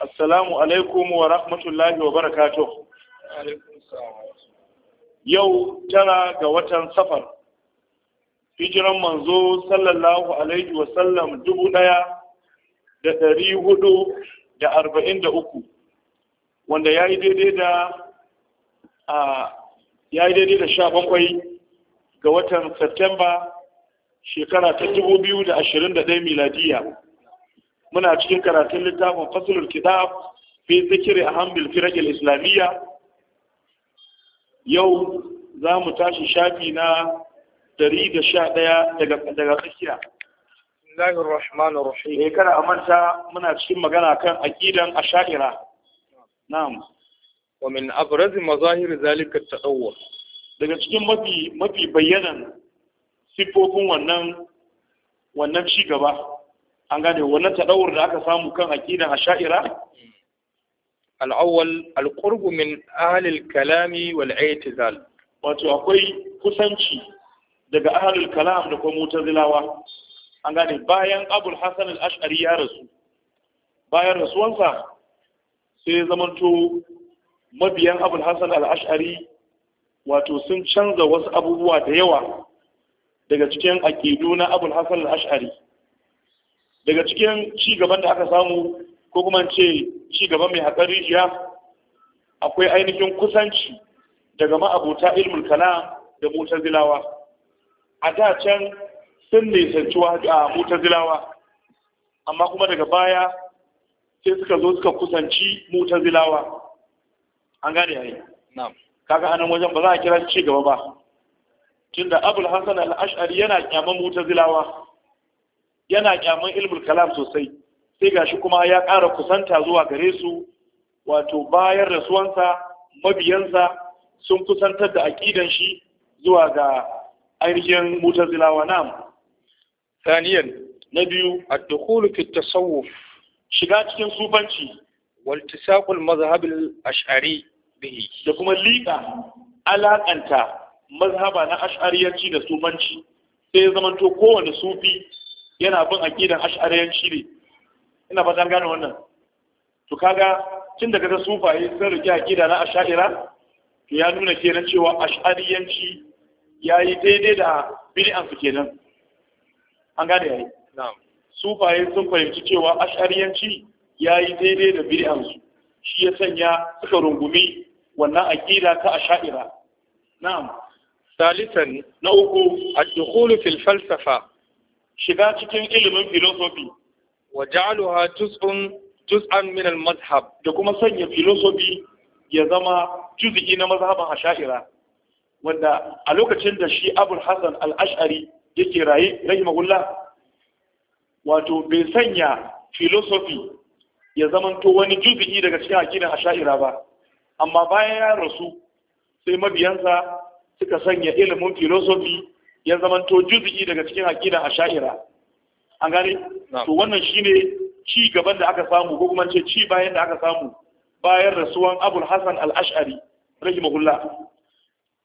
assalamu alaikum wa rahmatullahi wa barakatuh yau tara ga watan safar hijiran manzo sallallahu alaihi wa sallam dubu daya da dari hudu da arba'in da uku wanda ya yi daidai da a ya yi daidai da sha bakwai ga watan Satumba shekara ta dubu biyu da ashirin da ɗaya miladiyya. muna cikin karatun littafin fasulul kitab fi zikiri a hambil firakil islamiyya yau za mu tashi shafi na 111 daga tsakiya Bismillahir Rahmanir Rahim eh kada amanta muna cikin magana kan aqidan ash'ira na'am wa min abraz mazahir zalika at-tadawwur daga cikin mafi mafi bayyanan sifofin wannan wannan ci gaba an gane wannan tadawur da aka samu kan aqidan asha'ira al-awwal al-qurb min ahli al-kalam wal i'tizal wato akwai kusanci daga ahli al-kalam da kuma mutazilawa an gane bayan abul hasan al-ash'ari ya rasu bayan rasuwansa sai zamanto mabiyan abul hasan al-ash'ari wato sun canza wasu abubuwa da yawa daga cikin aqidu na abul hasan al-ash'ari daga cikin ci gaban da aka samu ko kuma ce ci gaban mai haƙar rijiya akwai ainihin kusanci daga ma'abuta ilmul kala da zilawa. a da can sun nisanci a zilawa, amma kuma daga baya sai suka zo suka kusanci zilawa. an gane yi kaga anan wajen ba za a kira ci gaba ba da abul hassan al-ash'ari yana kyaman zilawa. yana kyaman ilmul kalam sosai sai gashi kuma ya ƙara kusanta zuwa gare su wato bayan rasuwansa mabiyansa sun kusantar da aƙidan shi zuwa ga ainihin mutazilawa nam saniyan na biyu ad-dukhul fi tasawuf shiga cikin sufanci wal tisaqul mazhab al-ash'ari bihi da kuma liƙa alaƙanta mazhaba na ash'ariyanci da sufanci sai ya zamanto kowane sufi yana bin aqidan ash'ariyanci ne ina ba dan gane wannan to kaga tun daga da sufaye sun rike aqida na ash'ira to ya nuna kenan cewa ash'ariyanci yayi daidai da bid'an su kenan an gane yayi na'am sufaye sun fahimci cewa ash'ariyanci yayi daidai da bid'an su shi ya sanya suka rungumi wannan aqida ta ash'ira na'am ثالثا نوكو الدخول في الفلسفة shiga cikin ilimin filosofi wa ja'aluha juz'un juz'an min al mazhab da kuma sanya filosofi ya zama juz'i na mazhabin ash'ira wanda a lokacin da shi Abul Hasan al-Ash'ari yake raye rahimahullah wato bai sanya filosofi ya zama to wani juz'i daga cikin aqidar ash'ira ba amma bayan ya rasu sai mabiyansa suka sanya ilimin filosofi. ya zamanto juz'i daga cikin aqida asha'ira an gane to wannan shine ci gaban da aka samu ko kuma ce ci bayan da aka samu bayan rasuwan Abul Hasan al-Ash'ari rahimahullah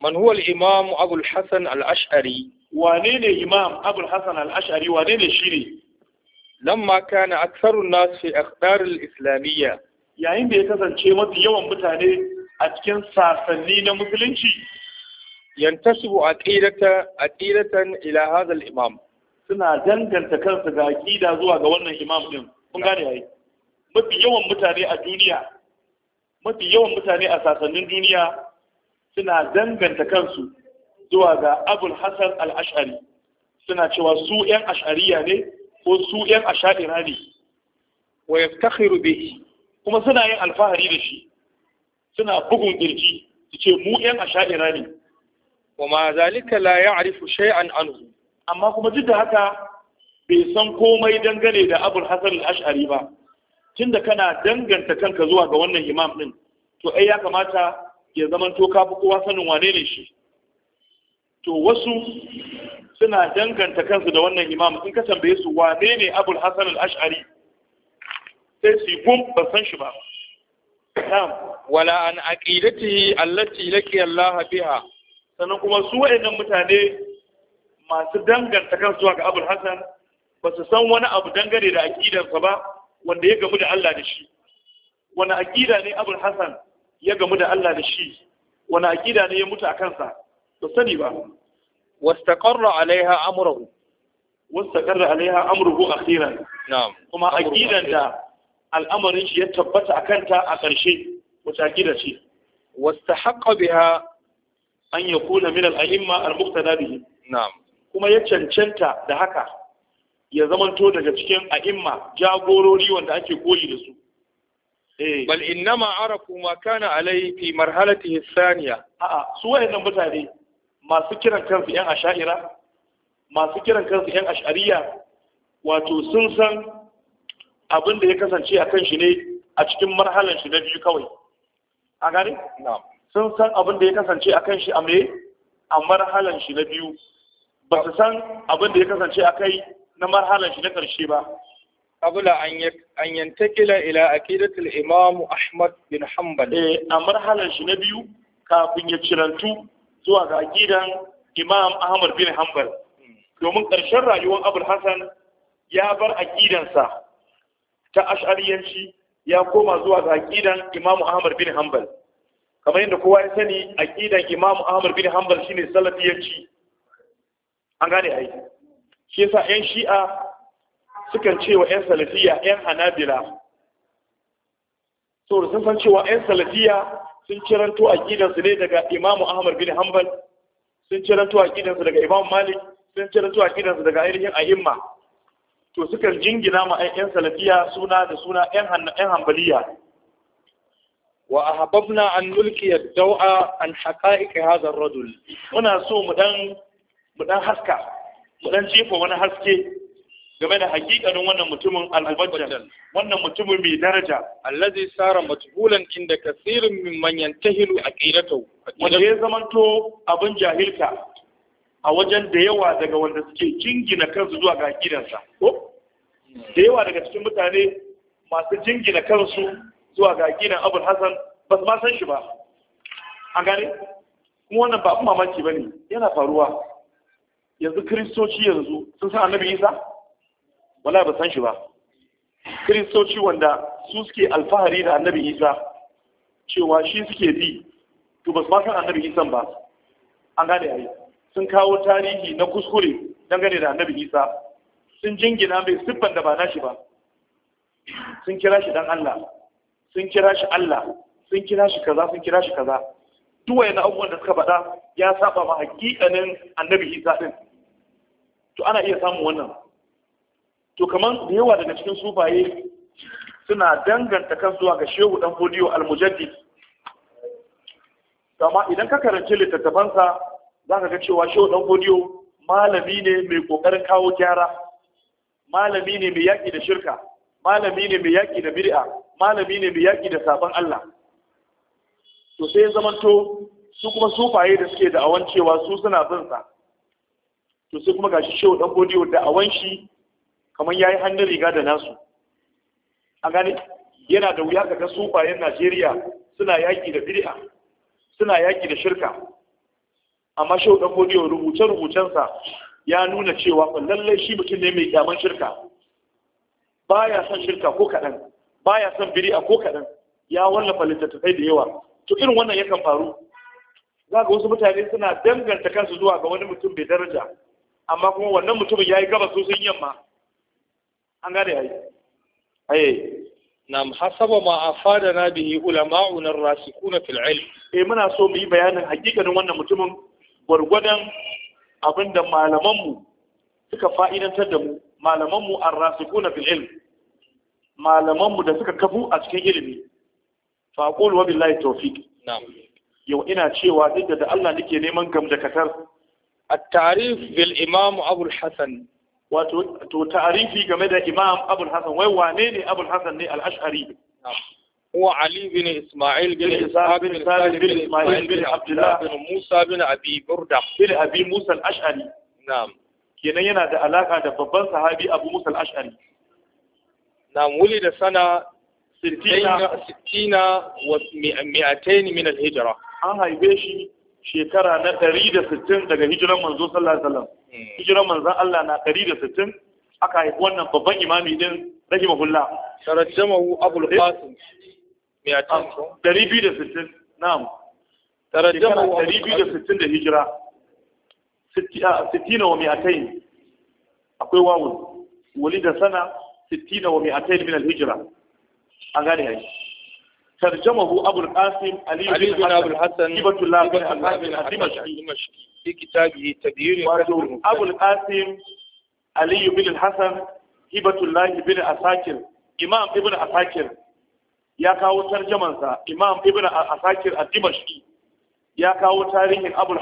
man huwa al-imam Abul Hasan al-Ash'ari wane ne imam Abul Hasan al-Ash'ari wane ne shine lamma kana aktharun nas fi aqdar al-islamiyya yayin da ya kasance mafi yawan mutane a cikin sasanni na musulunci ينتسب aqidata aqidatan ila هذا al-imam suna danganta kansu ga aqida zuwa ga wannan imam din kun gane yayi mafi yawan mutane a duniya mafi yawan mutane a sasannin duniya suna danganta kansu zuwa ga abul hasan al-ash'ari suna cewa su yan ash'ariya ne ko su yan ash'ira ne wa yaftakhiru bihi kuma suna yin alfahari da shi suna bugun kirji su ce mu yan ash'ira ne wa ma zalika la ya'rifu shay'an anhu amma kuma duk da haka bai san komai dangane da Abul Hasan al-Ash'ari ba tunda kana danganta kanka zuwa ga wannan imam din to ai ya kamata ya zamanto ka fi kowa sanin wane ne shi to wasu suna danganta kansu da wannan imam in ka tambaye su wane ne abul hasan al-ash'ari sai su gum ba san shi ba wala an aqidatihi allati laki Allah biha sannan kuma su wayannan mutane masu danganta kansu ga abul hasan ba su san wani abu dangane da aqidansa ba wanda ya gamu da Allah da shi wani aqida ne abul hasan ya gamu da Allah da shi wani aqida ne ya mutu a kansa ba sani ba wastaqarra alaiha amruhu wastaqarra alaiha amruhu akhiran na'am kuma aqidan da al'amarin shi ya tabbata a kanta a ƙarshe wata aqida ce wastahaqqa biha an ya kula min al'a'imma a muqtada kuma ya cancanta da haka ya zamanto daga cikin a'imma jagorori wanda ake koyi da su eh. bal inna arafu kuma kana alai fi marhalatihi a'a su wayannan mutane masu kiran kansu yan asha'ira masu kiran kansu yan ash'ariya wato sun san abin da ya kasance a kan shi ne a cikin marhalan shi na biyu kawai a gari sun san abin da ya kasance a kan shi a me a marhalan shi na biyu ba su san abin da ya kasance a kai na marhalan shi na ƙarshe ba abula an yantakila ila aqidatul imam ahmad bin hanbal eh, a marhalan shi na biyu kafin ya cirantu zuwa ga akidan imam ahmad bin hanbal domin ƙarshen rayuwar abul hasan ya bar akidansa ta ash'ariyanci ya koma zuwa ga akidan imam ahmad bin hanbal kamar yadda kowa ya sani a ƙidan Imam Ahmad bin Hanbal shine salafiyanci an gane ai shi yasa ƴan Shi'a sukan ce wa ƴan salafiya ƴan Hanabila to sun san cewa ƴan salafiya sun ciranto a su ne daga Imam Ahmad bin Hanbal sun ciranto a su daga Imam Malik sun ciranto a su daga ainihin a'imma to sukan jingina ma ƴan salafiya suna da suna ƴan hanbaliya وأحببنا أن نلقي الضوء عن حقائق هذا الرجل muna so mu dan mu dan haska mu dan cefa wani haske game da hakikanin wannan mutumin al-mubajjal wannan mutumin mai daraja allazi sara majhulan inda kaseerun mimman yantahilu aqidatahu wanda ya zamanto abin jahilka a wajen da yawa daga wanda suke jingina kansu zuwa ga gidansa ko da yawa daga cikin mutane masu jingina kansu zuwa ga gina abul hassan ba su ma san shi ba A gane kuma wannan ba mamaki ba ne yana faruwa yanzu kiristoci yanzu sun san annabi isa wala ba san shi ba kiristoci wanda su suke alfahari da annabi isa cewa shi suke bi to ba su ma san annabi isan ba an gane yayi sun kawo tarihi na kuskure dangane da annabi isa sun jingina mai siffan da ba nashi ba sun kira shi dan allah sun kira shi Allah sun kira shi kaza sun kira shi kaza duk na abubuwan da suka faɗa ya saba ma haƙiƙanin annabi Isa din to ana iya samun wannan to kaman da yawa daga cikin sufaye suna danganta kan zuwa ga shehu dan fodiyo al-mujaddid amma idan ka karanci littattafansa za ka ga cewa shehu dan fodiyo malami ne mai kokarin kawo gyara malami ne mai yaƙi da shirka malami ne mai yaƙi da bir'a malami ne mai yaƙi da sabon Allah to sai zamanto su kuma sufaye da suke awan cewa su suna bin sa to sai kuma gashi shehu dan godiyo awan shi kamar yayi hannun riga da nasu a gane yana da wuya kaga sufayen Najeriya suna yaƙi da bir'a suna yaƙi da shirka amma shehu dan godiyo rubuce-rubucensa ya nuna cewa lallai shi mutum ne mai kyaman shirka baya son shirka ko kaɗan baya son biri'a ko kaɗan ya wallafa littattafai da yawa to irin wannan yakan faru za ga wasu mutane suna danganta kansu zuwa ga wani mutum bai daraja amma kuma wannan mutumin ya yi gaba sosai yamma an gane yayi aye nam hasaba ma afadana bihi ulama'una rasikuna fil ilm eh muna so mu yi bayanin hakikanin wannan mutumin gwargwadon abinda malaman mu suka fa'idantar da mu malamanmu arrasikuna fil ilm malamanmu da suka kafu a cikin ilimi fa aqulu wa billahi tawfiq yau ina cewa duk da Allah nake neman gamdakatar at-ta'rif bil imam Abu hasan wato to ta'rifi game da imam Abu hasan wai wane ne Abu hasan ne al-Ash'ari هو علي بن إسماعيل بن إسحاق بن سالم بن إسماعيل بن عبد الله بن موسى بن أبي بردة بن أبي موسى الأشعري نعم kenan yana da alaka da babban sahabi abu musa al-ash'ari na muli da sana sittina wa mi'atain min al-hijra an haife shi shekara na 160 daga hijiran manzo sallallahu alaihi wasallam hmm. hijiran manzon Allah na 160 aka haifi wannan babban imami din rahimahullah tarajjamahu abul eh? qasim 260 na'am tarajjamahu 260 da hijira Ah, sittina wa mi'ataini akwai wawu walida sana sittina wa mi'ataini min al-hijra an gane hari tarjamahu abul qasim ali ibn abul hasan ibatu la bin al-dimashqi fi kitabih tadbir abul qasim ali ibn al-hasan ibatu la bin asakir imam ibn asakir ya kawo tarjamansa imam ibn asakir al ya kawo tarihin abul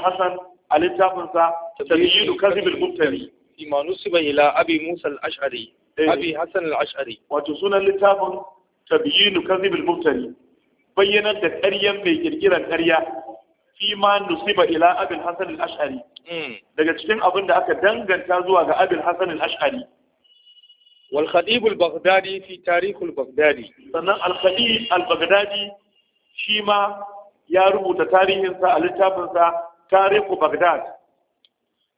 a littafinsa tabyidu kadhibil mubtari ma nusiba ila abi musa al-ash'ari eh. abi hasan al-ash'ari wato sunan littafin tabyinu kadhibil mubtari bayyanar da ƙaryan mai kirkiran ƙarya fi ma nusiba ila abi hasan al-ash'ari hmm. daga cikin abin da aka danganta zuwa ga abi hasan al-ash'ari wal khatib al-baghdadi fi tarikh al-baghdadi sannan al khatib al-baghdadi shi ma ya rubuta tarihinsa a littafinsa tarihu Baghdad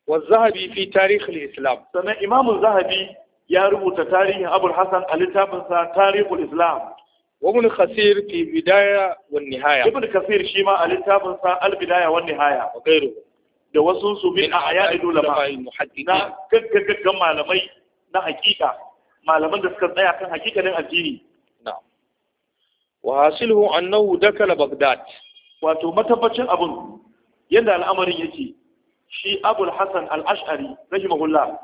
wa Zahabi fi tarikh islam sannan Imam Zahabi ya rubuta tarihin Abu Hassan a littafin sa Tarihul Islam wa Ibn Kathir fi Bidaya wa Nihaya Ibn Kathir shi ma a littafin sa Al-Bidaya wa Nihaya wa gairu da wasu su min ayati ulama na gaggagaggan malamai na hakika malaman da suka tsaya kan hakikalin addini wa hasiluhu annahu dakala Baghdad wato matabbacin abun yadda al'amarin yake shi abul hasan al'ash'ari rahimahullah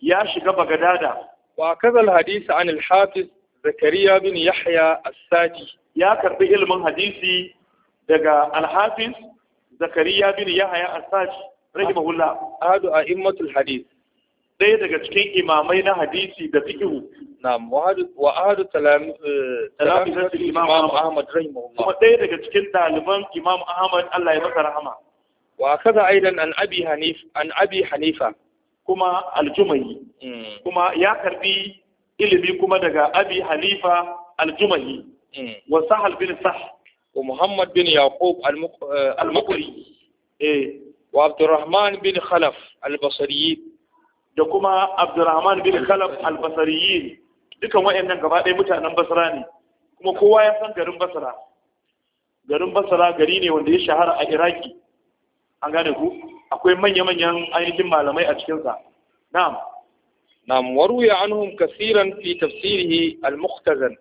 ya shiga bagadada wa kazal hadisi an al-hafiz zakariya bin yahya as-sadi ya karbi ilmin hadisi daga al-hafiz zakariya bin yahya as-sadi rahimahullah adu a'immatul hadis. ɗaya daga cikin imamai na hadisi da fiqhu na'am wa ahadu talam talamizat imam ahmad rahimahullah kuma ɗaya daga cikin ɗaliban imam ahmad Allah ya masa rahama wa kaza aidan an abi hanif an abi hanifa kuma aljumahi kuma ya karbi ilimi kuma daga abi hanifa aljumahi wa sahal bin sah wa muhammad bin yaqub al-muqri eh wa abdurrahman bin khalaf al-basri da kuma abdurrahman bin khalaf al-basriyin dukan wayannan gaba ɗaya mutanen basra ne kuma kowa ya san garin basra garin basra gari ne wanda ya shahara a iraki an gane ku akwai manya-manyan ainihin malamai a cikinsa na'am na'am waruya anhum kasiran fi tafsirihi al-muqtazan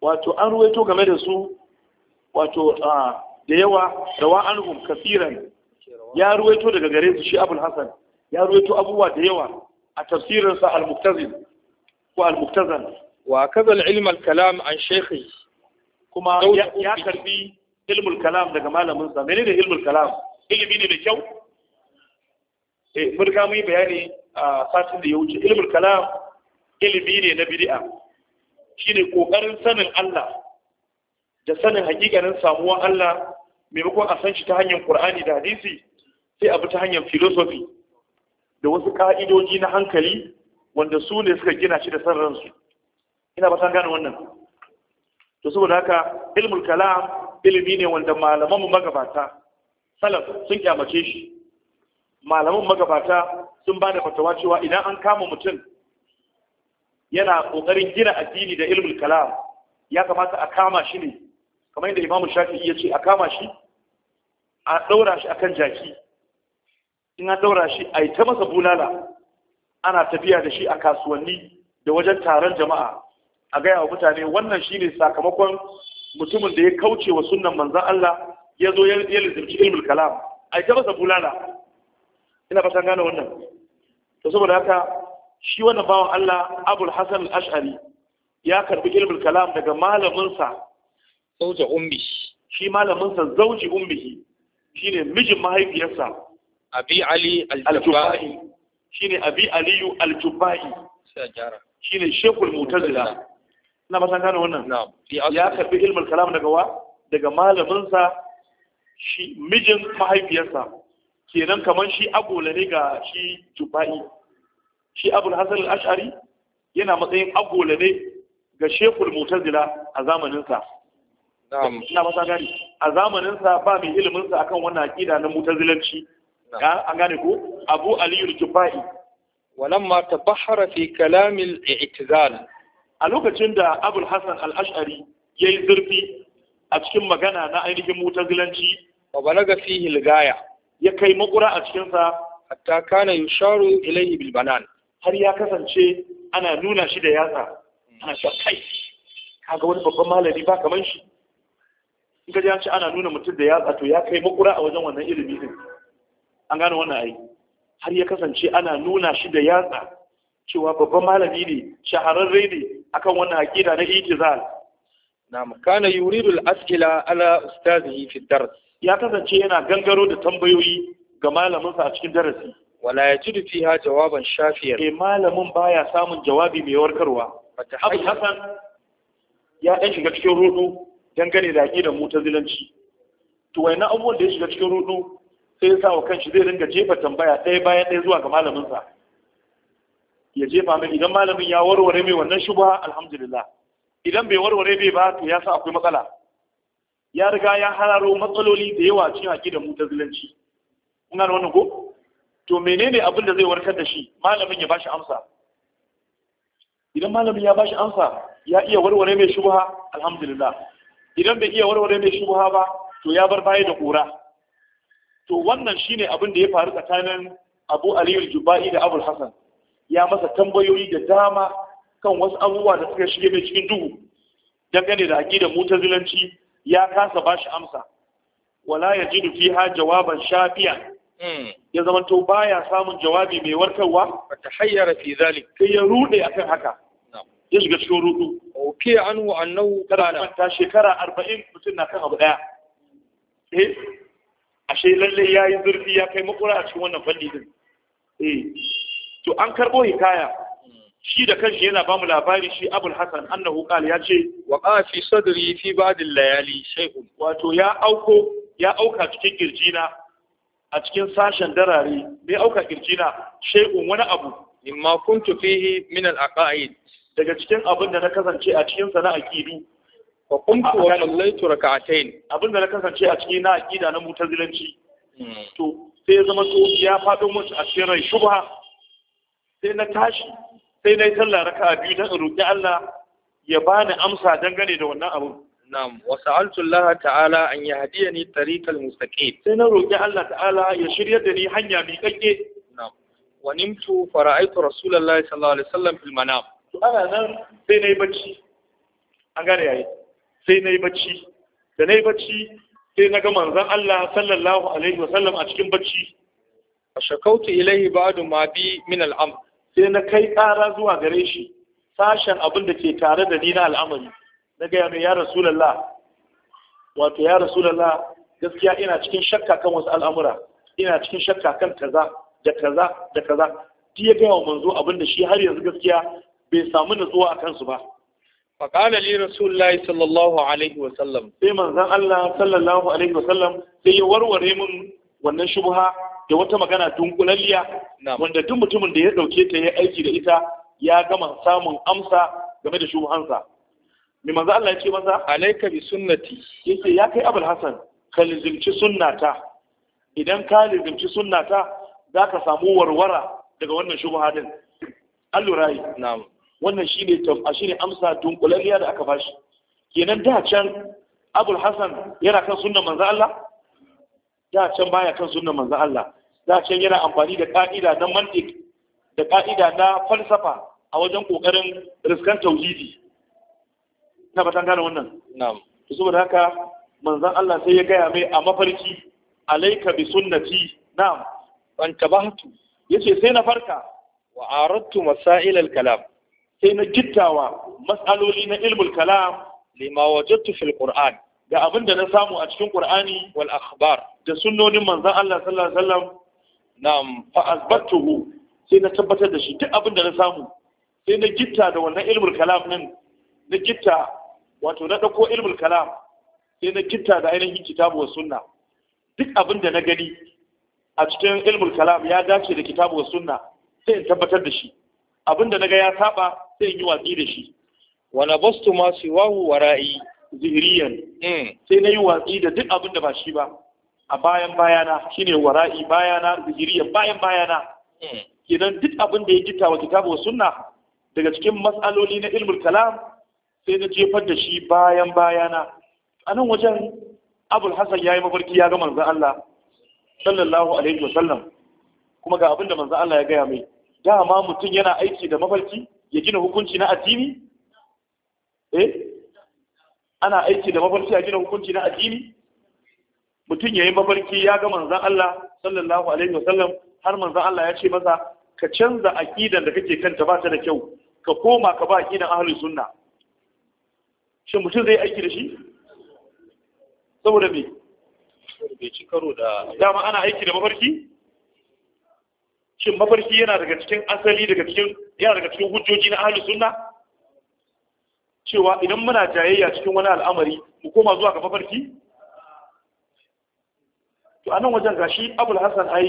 wato an ruwaito game da su wato da yawa rawa anhum kasiran ya ruwaito daga gare su shi abul hasan ya ruwaito abubuwa da yawa a tafsirinsa al-muktazin ko al-muktazan wa kaza ilm al-kalam an shaykhi kuma ya karbi ilmul kalam daga malamin sa menene ilmul kalam ilimi ne mai kyau eh mun ga mun bayani a satin da ya wuce ilmul kalam ilimi ne na bid'a shine kokarin sanin Allah da sanin hakikanin samuwar Allah maimakon a san shi ta hanyar Qur'ani da hadisi sai a bi ta hanyar philosophy da wasu ka'idoji na hankali wanda su ne suka gina shi da san ransu ina ba san gane wannan to saboda haka ilmul kalam ilimi ne wanda malaman mu magabata salaf sun kyamace shi malaman magabata sun ba da fatawa cewa idan an kama mutum yana kokarin gina addini da ilmul kalam ya kamata a kama shi ne kamar yadda imamu shafi'i ya ce a kama shi a ɗaura shi akan jaki in an daura shi a yi ta masa bulala ana tafiya da shi a kasuwanni da wajen taron jama'a a gaya wa mutane wannan shi ne sakamakon mutumin da ya kauce wa sunan manzan Allah ya zo ya lizimci ilmul kalam a yi ta masa bulala ina fatan gane wannan to saboda haka shi wannan bawan Allah Abul Hasan al-Ash'ari ya karbi ilmul kalam daga malaminsa zauji ummi shi malaminsa zauji shi shine mijin mahaifiyarsa abi ali al-jubai shine abi aliyu al-jubai sai gyara shine shekul mutazila ina ba san gane wannan ya karbi ilmul kalam daga wa daga malamin sa shi mijin mahaifiyarsa kenan kaman shi agola ne ga shi jubai shi abul hasan al-ash'ari yana matsayin agola ne ga shekul mutazila a zamanin sa ina ba san gane a zamanin sa ba mai ilimin sa akan wannan aqida na mutazilanci an gane ku? abu aliyu jubai ma tabahara fi kalamil i'tizal a lokacin da abul hasan al-ash'ari yayi zurfi a cikin magana na ainihin mutazilanci wa balaga fihi al-gaya ya kai makura a cikin sa hatta kana yusharu ilayhi bil banan har ya kasance ana nuna shi da yatsa ana cewa kai kaga wani babban malami ba kaman shi in ka ji an ce ana nuna mutum da yatsa to ya kai makura a wajen wannan ilimi din an gane wannan ai har ya kasance ana nuna shi da yatsa cewa babban malami ne shahararre ne akan wannan aqida na ijtizal na kana yuridu al-askila ala ustazihi fi dars ya kasance yana gangaro da tambayoyi ga sa a cikin darasi wala yajidu fiha jawaban shafiyan eh malamin baya samun jawabi mai warkarwa abu hasan ya ɗan shiga cikin rudu dangane da aqidar mutazilanci to na abubuwan da ya shiga cikin rudu sai ya sa wa kanshi zai ringa jefa tambaya ɗaya bayan ɗaya zuwa ga malaminsa ya jefa mai idan malamin ya warware mai wannan shubha alhamdulillah idan bai warware bai ba to ya sa akwai matsala ya riga ya hararo matsaloli da yawa cikin ta zilanci. Kuna da wannan ko to menene abin da zai warkar da shi malamin ya bashi amsa idan malamin ya bashi amsa ya iya warware mai shubha alhamdulillah idan bai iya warware mai shubha ba to ya bar baya da kura to wannan shine abin da ya faru tsakanin abu aliyu juba'i da abul hasan ya masa tambayoyi da dama kan wasu abubuwa da suka shige mai cikin duhu dangane da aƙidar mutazilanci ya kasa bashi amsa wala ya ji fi ha jawaban shafiya hmm. ya zamanto to baya samun jawabi mai warkarwa ta hayyara fi zalik sai ya rude akan haka ya shiga cikin rudu oke anhu annahu kada ta shekara 40 mutum na kan abu daya eh ashe lalle ya yi zurfi ya kai makura a cikin wannan fanni din eh to an karbo hikaya shi da kanshi yana bamu labari shi abul hasan annahu qala ya ce wa qa sadri fi ba'd layali shay'un wato ya auko ya auka cikin kirjina a cikin sashen darare mai auka kirjina shay'un wani abu mimma kuntu fihi min al-aqaid daga cikin abin da na kasance a cikin sana aqidu fa qumtu wa sallaitu rak'atayn abinda na kasance a cikin na aqida na mutazilanci hmm. to sai ya zama to ya fado mutu a cikin rai shubha sai na tashi sai na yi sallah raka'a biyu dan roki Allah ya bani amsa dangane da wannan abu na'am wa sa'altu Allah ta'ala an yahdiyani tariqal mustaqim sai na roki Allah ta'ala ya shirya da ni hanya mai kakke na'am wa nimtu fara'aytu rasulullahi sallallahu alaihi wasallam fil manam to ana nan sai na yi bacci an gane yayi sai na yi bacci da na yi bacci sai na ga manzan Allah sallallahu alaihi wasallam a cikin bacci a shakautu Ilahi, ba'du ma bi min al'am sai na kai ƙara zuwa gare shi sashen abin da ke tare da ni na al'amari na gaya mai ya rasulallah wato ya rasulallah gaskiya ina cikin shakka kan wasu al'amura ina cikin shakka kan kaza da kaza da kaza ti ya gaya wa manzo abin da shi har yanzu gaskiya bai samu natsuwa a kansu ba faƙala li rasulullahi sallallahu alaihi wa sallam sai manzon Allah sallallahu alaihi wa sallam sai ya warware min wannan shubha da wata magana dunkulalliya wanda duk mutumin da ya dauke ta ya aiki da ita ya gama samun amsa game da shubhansa mai manzo Allah ya ce maza alaika bi sunnati ya kai abul hasan ka lizimci sunnata idan ka lizimci sunnata zaka samu warwara daga wannan shubha din allurai na'am wannan shi ne amsa dunkulalliya da aka bashi kenan da can abul hasan yana kan sunan manzo Allah da can baya kan sunan manzo Allah da can yana amfani da ka'ida na mantiq da ka'ida na falsafa a wajen kokarin riskan tauhidi na batan gane wannan na'am saboda haka manzon Allah sai ya gaya mai a mafarki alaika bi sunnati na'am ban tabahtu yace sai na farka wa aradtu masailal kalam sai na gittawa matsaloli na ilmul kalam lima wajadtu fil qur'an ga abin da na samu a cikin qur'ani wal akhbar da sunnonin manzon Allah sallallahu alaihi wasallam na'am fa azbattuhu sai na tabbatar da shi duk abin da na samu sai na gitta da wannan ilmul kalam din na gitta wato na dauko ilmul kalam sai na gitta da ainihin kitabu wa sunna duk abin da na gani a cikin ilmul kalam ya dace da kitabu wa sunna sai in tabbatar da shi abin da na ga ya saba sai yi watsi da shi bostu masu wahu wa wara'i zihiriyan hmm. sai na yi watsi da duk abin da ba shi ba a bayan bayana Shi wa wara'i bayana zihiriyan bayan bayana Idan hmm. duk abin da ya gita wa kitabu sunna daga cikin matsaloli na ilmul kalam sai na jefar da shi bayan bayana a nan wajen abul hasan ya yi mafarki ya ga manzan Allah sallallahu alaihi wasallam kuma ga abin da manzan Allah ya gaya mai dama mutum yana aiki da mafarki ya gina hukunci na addini eh ana aiki da mafarki a gina hukunci na addini mutum ya yi mafarki ya ga manzan Allah sallallahu alaihi wasallam har manzan Allah ya ce masa ka canza aƙidan da kake kanta ba ta da kyau ka koma ka ba aƙidan ahlus sunna shin mutum zai aiki da shi saboda me bai ci karo da dama ana aiki da mafarki shin mafarki yana daga cikin asali daga cikin yana daga cikin hujjoji na ahli sunna cewa idan muna jayayya cikin wani al'amari mu koma zuwa ga mafarki to anan wajen gashi abul hasan ai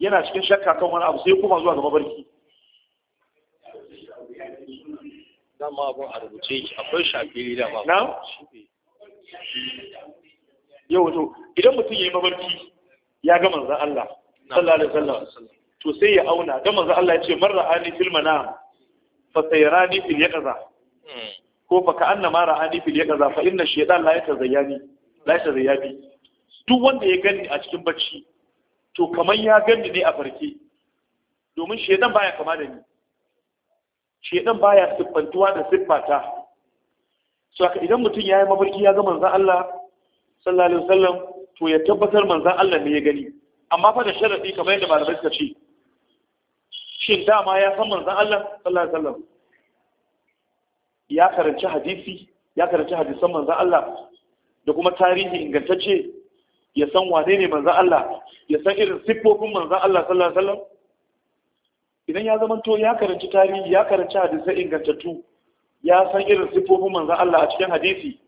yana cikin shakka kan wani abu sai koma zuwa ga mafarki dama abun a rubuce akwai shafiri da ba. yau to idan mutum ya yi mafarki ya ga manzon Allah sallallahu alaihi wasallam to sai ya auna dan manzo Allah ya ce man ra'ani fil manam fa sayrani fil yaqza ko fa ka annama ra'ani fil yaqza fa inna shaytan la yatazayyani la yatazayyani duk wanda ya gani a cikin bacci to kamar ya gani ne a farke domin shaytan baya kama da ni shaytan baya siffantuwa da siffata so haka idan mutum ya yi mafarki ya ga manzan Allah sallallahu alaihi wasallam to ya tabbatar manzan Allah ne ya gani amma fa da sharadi kamar yadda malamai suka ce shin dama ya san manzan Allah sallallahu alaihi wasallam ya karanci hadisi ya karanci hadisan manzan Allah da kuma tarihi ingantacce ya san wane ne manzan Allah ya san irin siffofin manzan Allah sallallahu alaihi wasallam idan ya zama to ya karanci tarihi ya karanci hadisan ingantattu ya san irin siffofin manzan Allah a cikin hadisi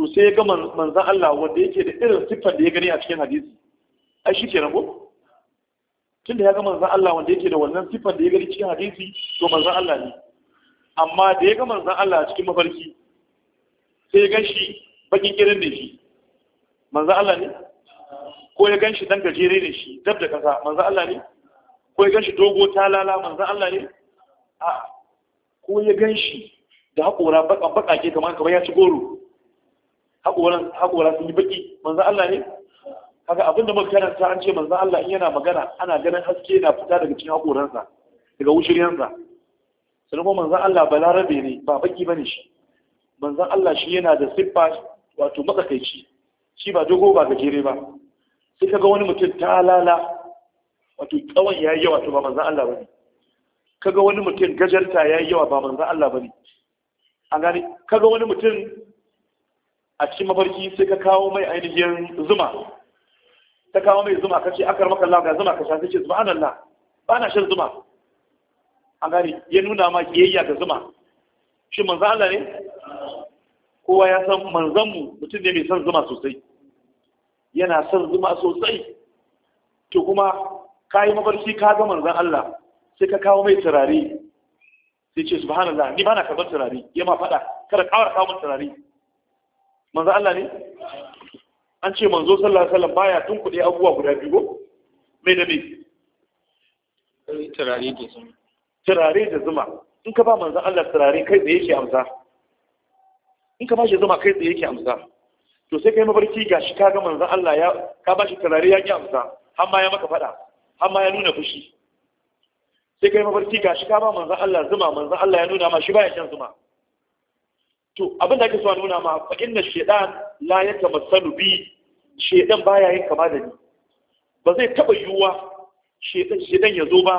to sai ya ga manzan Allah wanda yake da irin siffar da ya gani a cikin hadisi ai shi kenan ko tunda ya ga manzan Allah wanda yake da wannan sifar da ya gani cikin hadisi to manzan Allah ne amma da ya ga manzan Allah cikin mafarki sai ya gan shi bakin kirin da shi manzan Allah ne ko ya gan shi dan gajere da shi dab da kasa manzan Allah ne ko ya gan shi dogo talala manzan Allah ne a ko ya gan shi da haƙora ke kamar kamar ya ci goro haƙoran haƙora sun yi baki manzan Allah ne kaga abin da muka karanta an ce manzo Allah in yana magana ana ganin haske na fita daga cikin hakoransa daga wushiryansa sai kuma manzo Allah balarabe ne ba baki bane shi manzo Allah shi yana da siffa wato matsakaici shi ba dogo ba gajere ba sai kaga wani mutum ta lala wato tsawon yayi yawa to ba manzo Allah bane kaga wani mutum gajarta yayi yawa ba manzo Allah bane an gani kaga wani mutum a cikin mafarki sai ka kawo mai ainihin zuma ta kawo mai zuma ka ce aka maka Allah ga zuma ka ce ce subhanallah ba na shan zuma A gani ya nuna ma kiyayya ga zuma shi manzo Allah ne kowa ya san manzon mu mutum ne mai san zuma sosai yana san zuma sosai to kuma kayi mabarki ka ga manzon Allah sai ka kawo mai turare sai ce subhanallah ni ba na turare ya ma faɗa kada kawar kawo turare manzo Allah ne an ce manzo sallallahu alaihi wasallam baya tun kudi abubuwa guda biyu mai da mai turare da zuma turare da zuma in ka ba manzo Allah turare kai da yake amsa in ka ba shi zuma kai da yake amsa to sai kai mafarki gashi ka ga manzo Allah ya ka ba shi turare ya ki amsa har ma ya maka fada har ma ya nuna fushi sai kai mafarki gashi ka ba manzo Allah zuma manzo Allah ya nuna ma shi baya shan zuma to abin da ake so nuna ma fa inna shaytan la yatamassalu bi shaytan baya yin kama da ni ba zai taba yuwa shaytan shaytan ya zo ba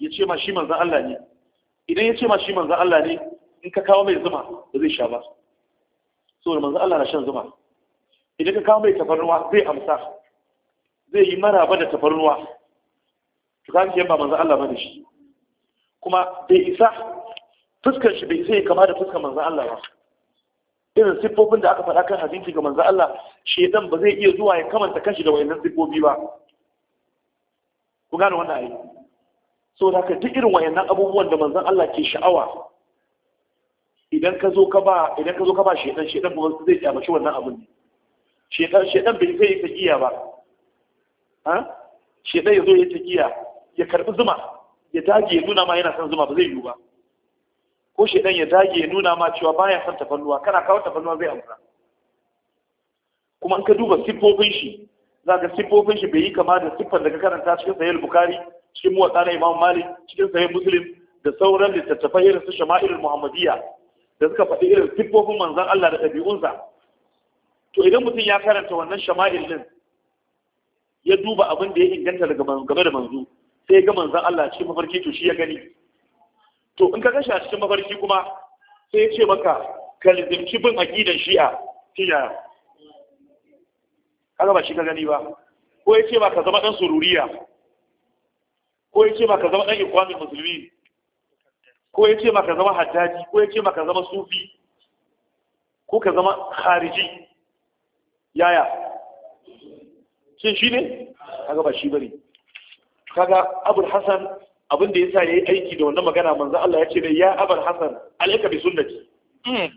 ya ce ma shi manzon Allah ne idan ya ce ma shi manzon Allah ne in ka kawo mai zuma ba zai sha ba saboda manzon Allah na shan zuma idan ka kawo mai tafarnuwa zai amsa zai yi maraba da tafarnuwa to ka ba manzon Allah bane shi kuma bai isa fuskar shi bai sai kama da fuskar manzon Allah ba irin siffofin da aka faɗa kan hadisi ga manzo Allah shedan ba zai iya zuwa ya kamanta kanshi da wayannan siffofi ba ku gane wannan ayi so da ka duk irin wayannan abubuwan da Manzan Allah ke sha'awa idan ka zo ka ba idan ka zo ka ba shedan shedan ba zai kyamaci wannan abin ne shedan shedan bai zai ta giya ba ha shedan ya zo ya ta giya ya karbi zuma ya dage ya nuna ma yana son zuma ba zai yiwu ba ko shi dan ya dage ya nuna ma cewa baya son tafalluwa kana kawo tafalluwa zai amsa kuma in ka duba siffofin shi za ka siffofin shi bai yi kama da siffar da ka karanta cikin sahih bukhari cikin muwatta na imam malik cikin sahih muslim da sauran littattafai irin su shama'il muhammadiyya da suka faɗi irin siffofin manzon Allah da ɗabi'unsa to idan mutum ya karanta wannan shama'il din ya duba abin da ya inganta daga game da manzo sai ga manzon Allah cikin mafarki to shi ya gani to in ka gashi a cikin mafarki kuma sai ya ce maka ka lizimci bin aqidan shi'a tiya kaga ba shi ka gani ba ko ya ce ba ka zama ɗan sururiya ko ya ce ba ka zama ɗan ikwamin musulmi ko ya ce ma ka zama haddaji ko ya ce ma ka zama sufi ko ka zama khariji yaya shin shi ne kaga ba shi bane kaga abul hasan abin da yasa yayi aiki da wannan magana manzo Allah ya ce ne ya abul hasan alayka bi sunnati hmm.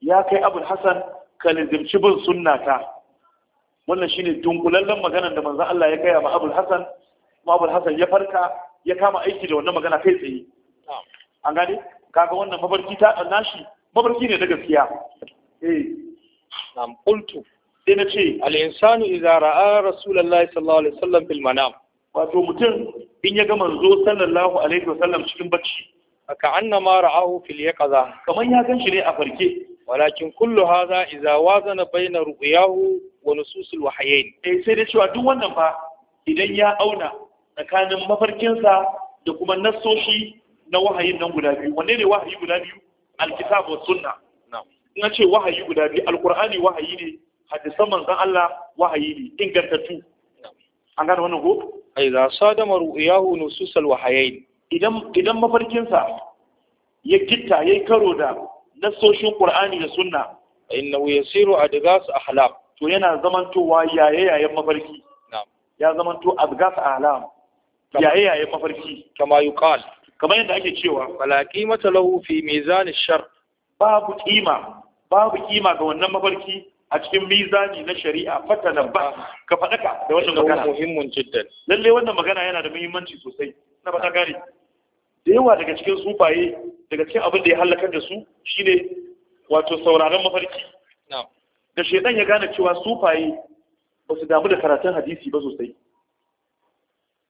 ya kai abul hasan ka lazimci bin sunnata wannan shine dunkulallen maganar da manzo Allah ya kai ma abul hasan kuma abul hasan ya farka ya kama aiki da wannan magana kai tsaye an gane kaga wannan mafarki ta nashi mafarki ne da gaskiya eh nam qultu sai na ce al insanu idza ra'a rasulullahi sallallahu alaihi wasallam fil manam wato mutum in ya ga manzo sallallahu alaihi wasallam cikin bacci aka annama ra'ahu fil yaqaza kaman ya ganshi ne a farke walakin kullu hadha idza wazana baina ru'yahu wa nususil wahayain eh sai dai cewa duk wannan fa idan ya auna tsakanin mafarkinsa da kuma nassoshi na wahayin nan guda biyu wanne ne wahayi guda biyu alkitab sunna in ce wahayi guda biyu alqur'ani wahayi ne hadisan manzon Allah wahayi ne ingantattu an gane wannan ko ai za sadama ru'yahu nususal wahayain idan idan mafarkinsa ya gitta yayi karo da nasoshin Qur'ani da Sunna innahu yasiru adgas ahlam to yana zamantowa yaye yayin mafarki ya zamanto adgas ahlam yaye yayin mafarki kama yuqal kamar yadda ake cewa fala qimata lahu fi mizan shar babu kima babu kima ga wannan mafarki a cikin mizani na shari'a fata na ba ka ka da wannan magana muhimmin jiddan lalle wannan magana yana da muhimmanci sosai na ta gare da yawa daga cikin sufaye daga cikin abin da ya halakar da su shine wato sauraron mafarki da shaidan ya gane cewa sufaye ba su damu da karatun hadisi ba sosai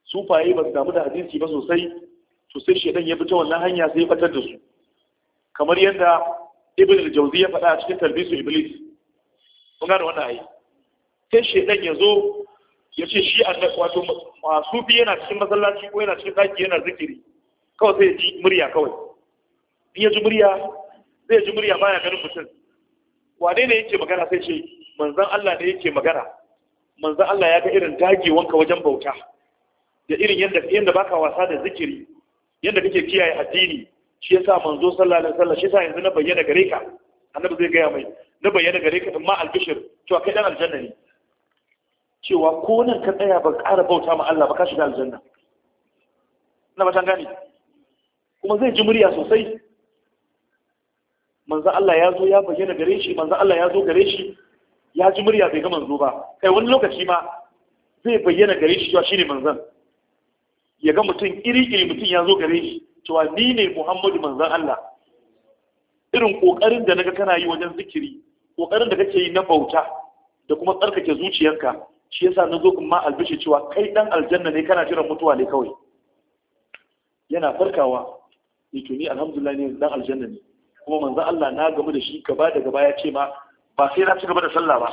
sufaye ba su damu da hadisi ba sosai to sai shedan ya fita wannan hanya sai ya batar da su kamar yadda ibn al-jawzi ya faɗa a cikin talbisu iblis kun gane wannan ayi sai shedan ya zo ya ce shi an wato masu biyu yana cikin masallaci ko yana cikin ɗaki yana zikiri kawai sai ya ji murya kawai in ya ji murya zai ji murya baya ganin mutum wane ne yake magana sai ce manzan Allah ne yake magana manzan Allah ya ga irin dagewanka wajen bauta da irin yadda yadda baka wasa da zikiri yadda kake kiyaye addini shi yasa manzo sallallahu alaihi wasallam shi yasa yanzu na bayyana gare ka annabi zai gaya mai na bayyana gare ka amma albishir cewa kai dan aljanna ne cewa ko nan ka tsaya ba ƙara bauta ma Allah ba ka shiga aljanna na ba san gane kuma zai ji murya sosai manzo Allah ya zo ya bayyana gare shi manzo Allah ya zo gare shi ya ji murya bai ga manzo ba kai wani lokaci ma zai bayyana gare shi cewa shine manzon ya ga mutum iri iri mutum ya zo gare shi cewa ni ne Muhammadu manzon Allah irin ƙoƙarin da naga kana yi wajen zikiri ƙoƙarin da kake yi na bauta da kuma tsarkake zuciyarka shi yasa na zo kuma albishi cewa kai dan aljanna ne kana jiran mutuwa ne kawai yana farkawa to ni alhamdulillah ne dan aljanna ne kuma manzo Allah na gamu da shi gaba da gaba ya ce ma ba sai na ci gaba da sallah ba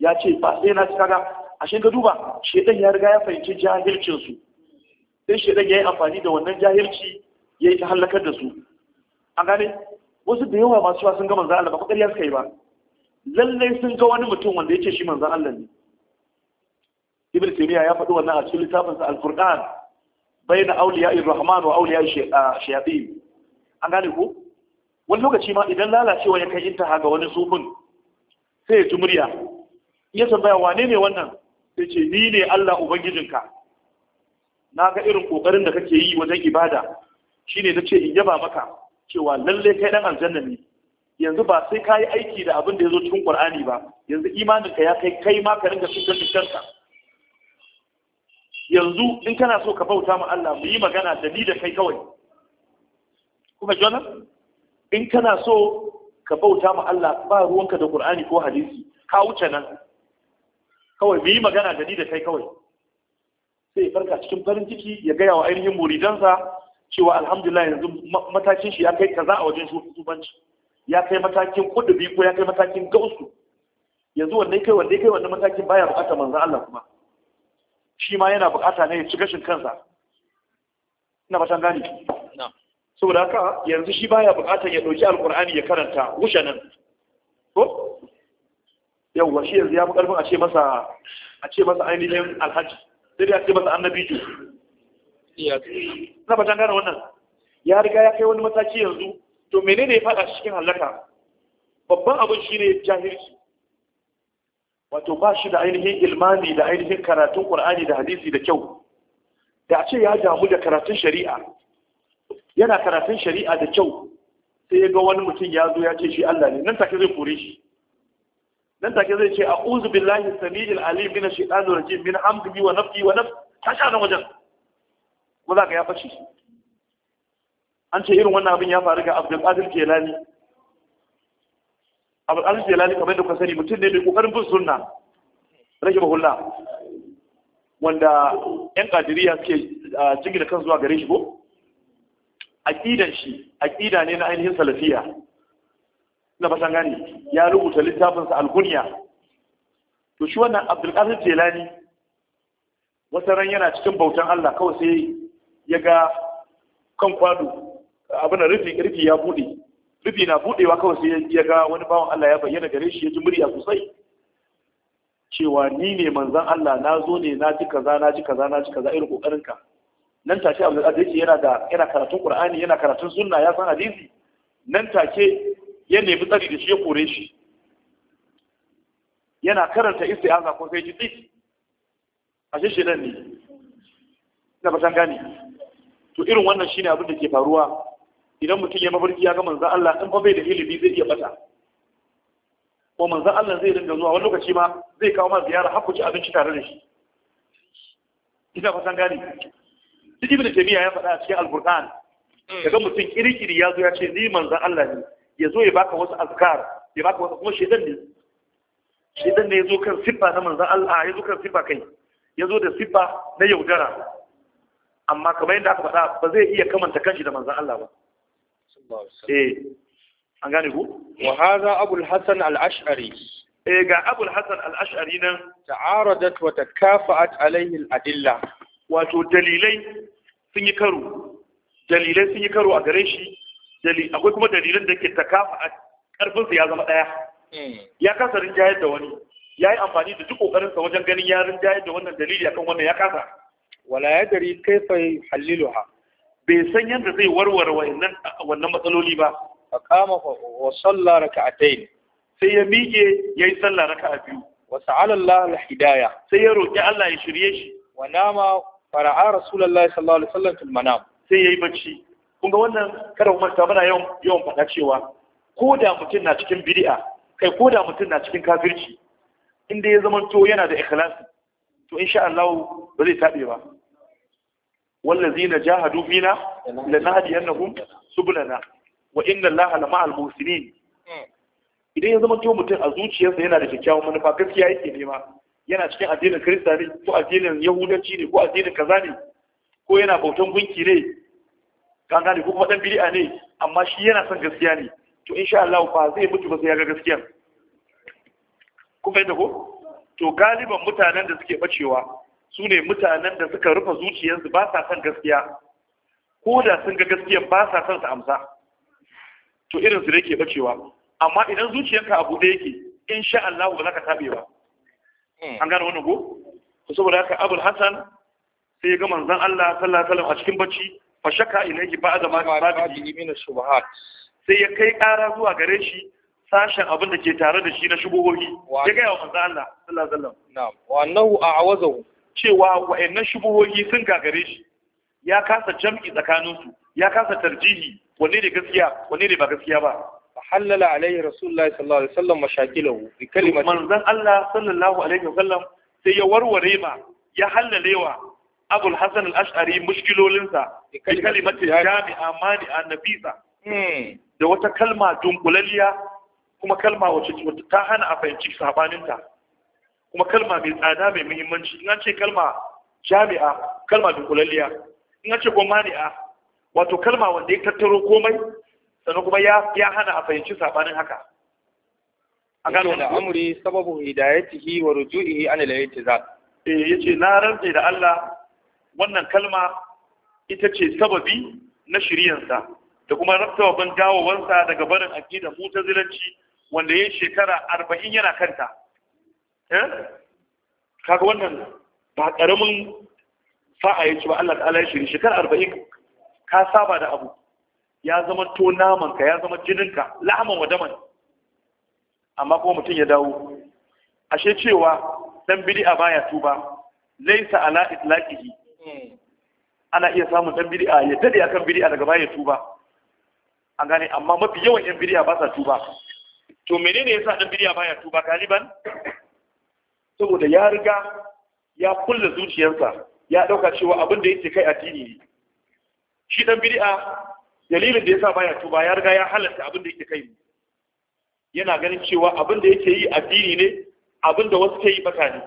ya ce ba sai na ci kaga ashe ka duba shedan ya riga ya fahimci jahilcin su sai shedan ya yi amfani da wannan jahilci ya yi ta halakar da su an gane wasu da yawa masu cewa sun ga manzan Allah ba kokari suka yi ba lallai sun ga wani mutum wanda ya yake shi manzan Allah ne ibn taymiya ya faɗi wannan a cikin littafin sa al-furqan auliya awliya'ir rahman wa awliya'ish ah, shayatin an gane ko wani lokaci ma idan lalacewa ya kai intaha ga wani sufin sai ya ji murya ya tambaya wane ne wannan sai ce ni ne Allah ubangijinka na ga irin kokarin da kake yi wajen ibada shine ce in yaba maka cewa lalle kai dan aljanna ne yanzu ba sai ka yi aiki da abin da ya zo cikin qur'ani ba yanzu imaninka ya kai kai ma ka ringa cikin cikin ka yanzu in kana so ka bauta ma Allah mu yi magana da ni da kai kawai kuma jona in kana so ka bauta ma Allah ba ruwanka da qur'ani ko hadisi ka wuce nan kawai mu yi magana da ni da kai kawai sai farka cikin farin ciki ya gaya wa ainihin muridansa cewa alhamdulillah yanzu matakin shi ya kai kaza a wajen shugabanci ya kai matakin kudubi ko ya kai matakin gausu yanzu wanda kai wanda kai wanda matakin baya bukata manzo Allah kuma shi ma yana bukata ne ya ci gashin kansa ina fatan gani saboda haka yanzu shi baya bukata ya dauki alkur'ani ya karanta nan ko yawwa shi yanzu ya fi karfin a ce masa a ce masa ainihin alhaji sai dai a ce masa annabi iyad na ba gane wannan ya riga ya kai wani mataki yanzu to menene ya fada cikin hallaka babban abin shine jahilci wato ba shi da ainihin ilmani da ainihin karatun qur'ani da hadisi da kyau da a ce ya damu da karatun shari'a yana karatun shari'a da kyau sai ya ga wani mutum ya zo ya ce shi Allah ne nan take zai kore shi nan take zai ce a'udhu billahi samiil alim min ash-shaytanir rajim min hamdihi wa nafsi wa nafsi ta wajen kuma za ka ya fashe an ce irin wannan abin ya faru ga abdulkadir jelani abdulkadir jelani kamar da kuka sani mutum ne mai kokarin bin sunna rage mahulla wanda yan kadiriya suke da kan zuwa gare shi ko aqidan shi aqida ne na ainihin salafiya na fasan gani ya rubuta littafinsa al-kunya to shi wannan abdulkadir jelani wasaran yana cikin bautan Allah kawai sai ya ga kan kwado abin rufi rufi ya bude rufi na budewa kawai sai ya ga wani bawan Allah ya bayyana gare shi ya ji murya sosai cewa ni ne manzan Allah na zo ne na ji kaza na ji kaza na ji kaza irin kokarinka nan take Abdul Aziz yake yana da yana karatun Qur'ani yana karatun sunna ya san hadisi nan take ya nemi tsari da shi ya kore shi yana karanta isti'aza ko sai ji tsiki ashe shi nan ne na fatan gane to irin wannan shine abin da ke faruwa idan mutum ya mafarki ya ga manzon Allah in fa bai da ilimi zai iya bata ko manzon Allah zai ringa zuwa wani lokaci ma zai kawo ma ziyara har ku ci abinci tare da shi ina fatan gane duk ibnu taymiya ya faɗa a cikin alqur'an kaga mutum kirkiri ya zo ya ce ni manzon Allah ne ya zo ya baka wasu azkar ya baka wasu kuma shedan ne shedan ne ya zo kan siffa na manzon Allah ya zo kan siffa kai ya zo da siffa na yaudara amma kamar yadda aka faɗa ba zai iya kamanta kanshi da manzan Allah ba eh an gane ku wa hadha abul hasan al ash'ari eh ga abul hasan al ash'ari nan ta'aradat wa takafa'at alayhi al adilla wato dalilai sun yi karo dalilai sun yi karo a gare shi akwai kuma dalilan da ke takafa'at karfin su ya zama daya hmm. ya kasa rinjayar da wani ya yi amfani da duk kokarinsa wajen ganin ya rinjayar da wannan dalili akan wannan ya kasa wala kai kaifa yuhalliluha bai san yadda zai warware wannan wannan matsaloli ba faqama wa a rak'atayn sai ya miƙe yayi sallah a biyu wa sa'ala Allah al sai ya roki Allah ya shirye shi wa nama fara'a rasulallah, sallallahu alaihi wasallam fil manam sai yayi bacci kun ga wannan karin manta muna yawan yawan faɗa cewa ko da mutum na cikin bid'a kai ko da mutum na cikin kafirci inda ya zama to yana da ikhlasi to insha Allah ba zai taɓe ba wallazina jahadu fina lanahdiyannahum subulana wa inna allaha lama'al ne?' idan ya zama kyau mutum a zuciyarsa yana da kyakkyawan manufa gaskiya yake nema yana cikin addinin kirista ne ko addinin yahudanci ne ko addinin kaza ne ko yana bautan gunki ne kan gane ko kuma dan bid'a ne amma shi yana son gaskiya ne to insha Allah ba zai mutu ba sai ya ga gaskiya ku fahimta ko to galiban mutanen da suke bacewa su ne mutanen da suka rufe zuciyarsu ba sa son gaskiya ko da sun ga gaskiya ba sa son su amsa to irin su ne ke bacewa amma idan zuciyarka a buɗe yake in sha Allah ba za ka tabe ba hmm. an gane wannan ko to saboda haka Abul Hasan sai ga manzon Allah sallallahu alaihi wasallam a cikin bacci fa shaka ilayhi ba'da ba sabidi min shubuhat sai ya kai ƙara zuwa gare shi sashen abin da ke tare da shi na shubuhohi ya ga manzon Allah sallallahu alaihi wasallam na'am wa annahu a'awazahu cewa wa'annan shubuhohi sun gagare shi ya kasa jam'i tsakaninsu ya kasa tarjihi wanne ne gaskiya wanne ne ba gaskiya ba halala alaihi rasulullahi sallallahu alaihi wasallam mashakilahu bi kalimati manzon Allah sallallahu alaihi wasallam sai ya warware ma ya halalewa Abul Hasan al-Ash'ari mushkilolinsa bi kalimati jami'a mani annabisa hmm. da wata kalma dunkulaliya kuma kalma wacce ta hana a fahimci sabaninta kuma kalma mai tsada mai muhimmanci in an ce kalma jami'a kalma dukulalliya in an ce gomani'a wato kalma wanda ya tattaro komai sannan kuma ya hana a fahimci sabanin haka a gano da amri sababu hidayatihi wa ruju'ihi an al-i'tizal eh yace na rantsa da Allah wannan kalma ita ce sababi na shiriyansa da kuma sababin wansa daga barin aqidar mutazilanci wanda ya shekara arba'in yana kanta Eh? kaga wannan ba karamin fa’a ya ci ba Allah ta'ala ya shiri shekar arba'in ka saba da abu ya zama to namanka ya zama jininka lahaman wa daman amma kuma mutum ya dawo ashe cewa dan bid'a baya tuba laisa ala itlaqihi ana iya samun dan bid'a ya dade akan bid'a daga baya tuba an gane amma mafi yawan yan bid'a ba sa tuba to menene yasa dan bid'a baya tuba galiban saboda ya riga ya kulle zuciyarsa ya dauka cewa abin da yake kai addini ne shi dan bid'a dalilin da yasa baya tuba ya riga ya halarta abin da yake kai ne. yana ganin cewa abin da yake yi addini ne abin da wasu ke yi bata ne